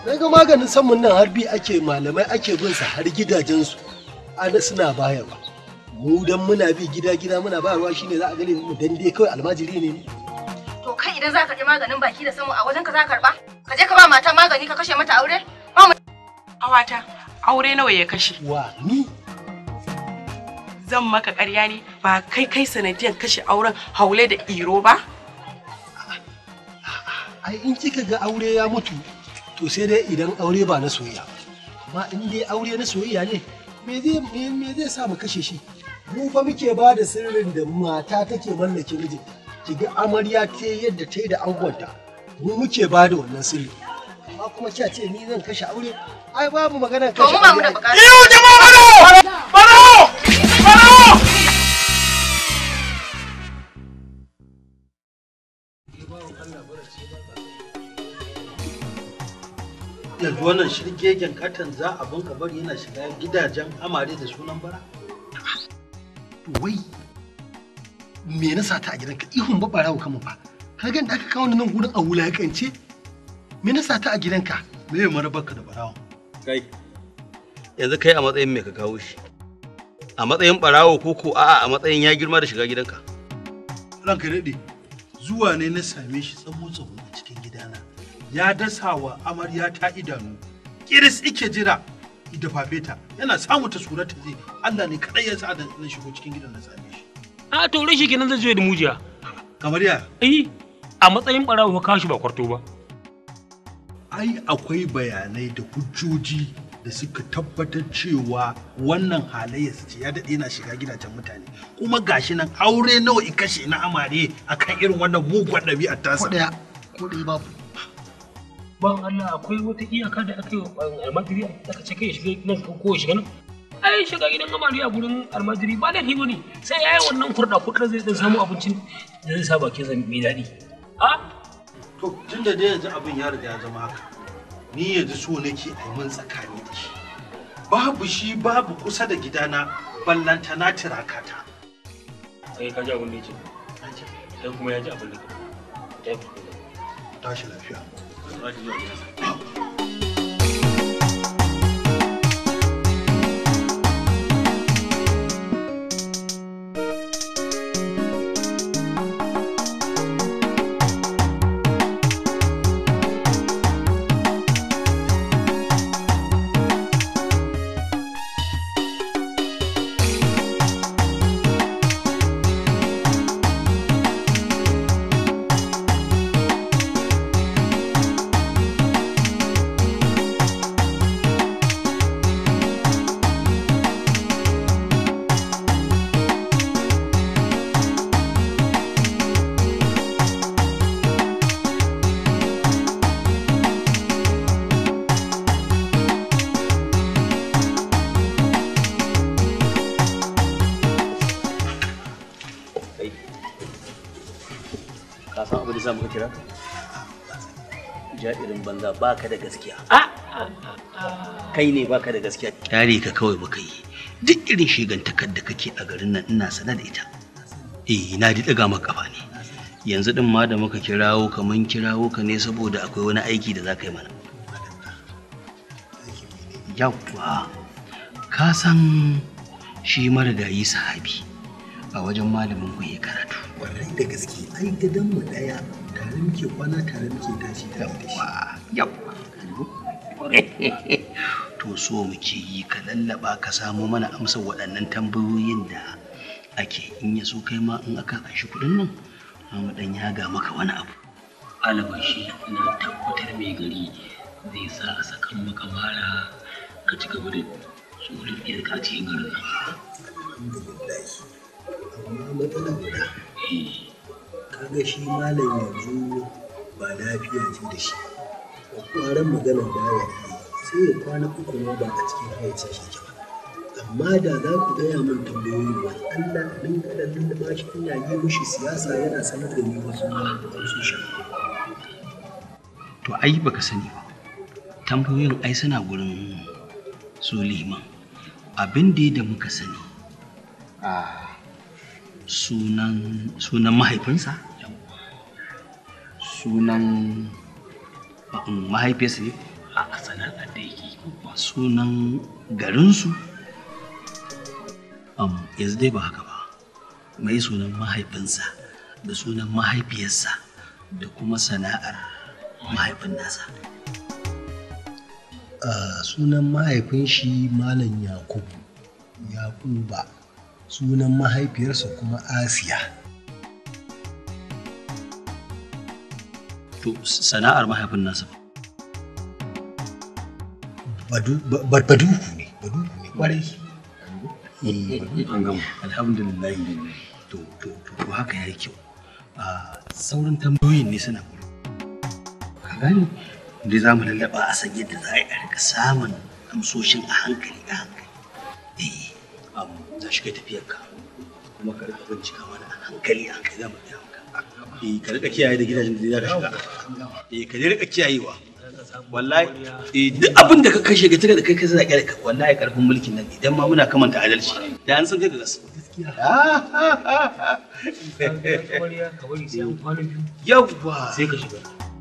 daga maganin sanmu nan har bi ake malamai ake bin sa har gidajensu ana suna bayarwa mu dan muna bi gida gida muna bayarwa shine za a gani mu dan dai kawai almajiri ne kai idan za ka je maganin baki da samu a wajen ka za ka karba ka je ka ba mata magani ka kashe mata aure awata aure nawa ya kashe wa ni zan maka ƙarya ne ba kai kai sanadiyar kashe auren haule da iro ba ai in kika ga aure ya mutu to sai dai idan aure ba na soyayya amma in dai aure na soyayya ne me zai me zai sa mu kashe shi mu fa muke ba da sirrin da mata take mallake mijinta ki ga amarya ta yadda ta yi da angonta mu muke ba da wannan sirri amma kuma kya ce ni zan kashe aure ai babu magana kashe da bukata iyo jama'a baro bado bado yanzu wannan shirgegen katon za a bunka bari yana shiga gidajen amare da sunan bara wai me na sata a gidanka ihun ba barawo kama ba ka ga da aka kawo nan gurin a wulakance me na sata a gidanka me ya marabarka da barawo kai yanzu kai a matsayin me ka kawo shi a matsayin barawo ko ko a'a a matsayin ya girma da shiga gidanka ranka dade zuwa ne na same shi tsamo tsamo a cikin gidana ya dasa wa amarya ta idanu kiris ike jira idafafe ta yana samu ta surata zai Allah ne kadai ya sa da shigo cikin gidan na same shi a to rashi kenan zai zo da mujiya kamar eh a matsayin barawo ka kashi ba kwarto ba ai akwai bayanai da hujjoji da suka tabbatar cewa wannan halayya ce ya daɗe na shiga gidajen mutane kuma gashi nan aure nawa i kashe na amare akan irin wannan mugun ɗabi'ar tasa ɗaya ko ɗaya babu ban Allah akwai wata iyaka da aka yi almajiri aka ce kai shiga nan ko shiga nan ai shiga gidan gamari a gurin almajiri ba laifi bane sai yayi wannan kurda kurda zai dan samu abincin da zai sa ke zan mai dadi a to tunda dai yanzu abin ya riga ya zama haka ni yanzu so nake a mun tsakani da shi babu shi babu kusa da gidana ballanta na tirakata sai ka ji abin da yake sai kuma ya ji abin da yake tashi lafiya baka da gaskiya a ah, kai ne baka da gaskiya kyare ka kawai baka yi duk irin shigantakar da kake a garin nan ina sana da ita eh na ji daga maka kafa ne yanzu din ma da muka kirawo ka mun kirawo ka ne saboda akwai wani aiki da za ka yi mana yawwa ka san shi marigayi sahabi a wajen malamin ku ya karatu Wallahi da gaske ai gadon mu daya tare muke kwana tare muke tashi tare da shi yabba to so muke yi ka lallaba ka samo mana amsar waɗannan tambayoyin da ake in ya so kai ma in aka kashi kuɗin nan mu dan ga maka wani abu alaba shi ina tabbatar mai gari zai sa a sakan maka mara ka ci gaba da tsorin iya ka cikin garin amma matsalar guda eh. kaga shi malam yanzu ba lafiya ce da shi ƙwaƙwaran maganar bawa sai ya kwana uku ne ba a cikin haicin shi ba amma da za ku gaya min tambayoyi ba Allah abin da da lullaba shi yage mushi siyasa yana sanar da ni wasu wasu shi to ai baka sani ba tambayoyin ai suna gurin su abin da da muka sani a sunan sunan mahaifinsa sunan mahaifiyarsa ne a sana'ar da yake sunan garinsu yanzu dai ba haka ba mai sunan mahaifinsa da sunan mahaifiyarsa da kuma sana'ar mahaifin nasa sunan mahaifin shi malam yakubu yakuba sunan mahaifiyarsa kuma asiya to sana'ar mahaifin nasa badu Baduku ne baduku ne ƙwarai. Eh, an gama alhamdulillah to to to haka yi kyau a ah, tambayoyin ne suna gudu ka gani da za mu lallaba a san yadda za a yi a rika samun amsoshin a hankali a hankali eh abu ta shiga tafiyarka kuma ka rika bincika mana a hankali a hankali za mu eh ka rika kiyaye da gidajen da zaka shiga eh ka rika kiyayewa wallahi eh duk abin da ka kashe ga tare da kai kai ka rika wallahi karfin mulkin nan idan ma muna kamanta adalci da an san kai ga gasu yawwa sai ka shiga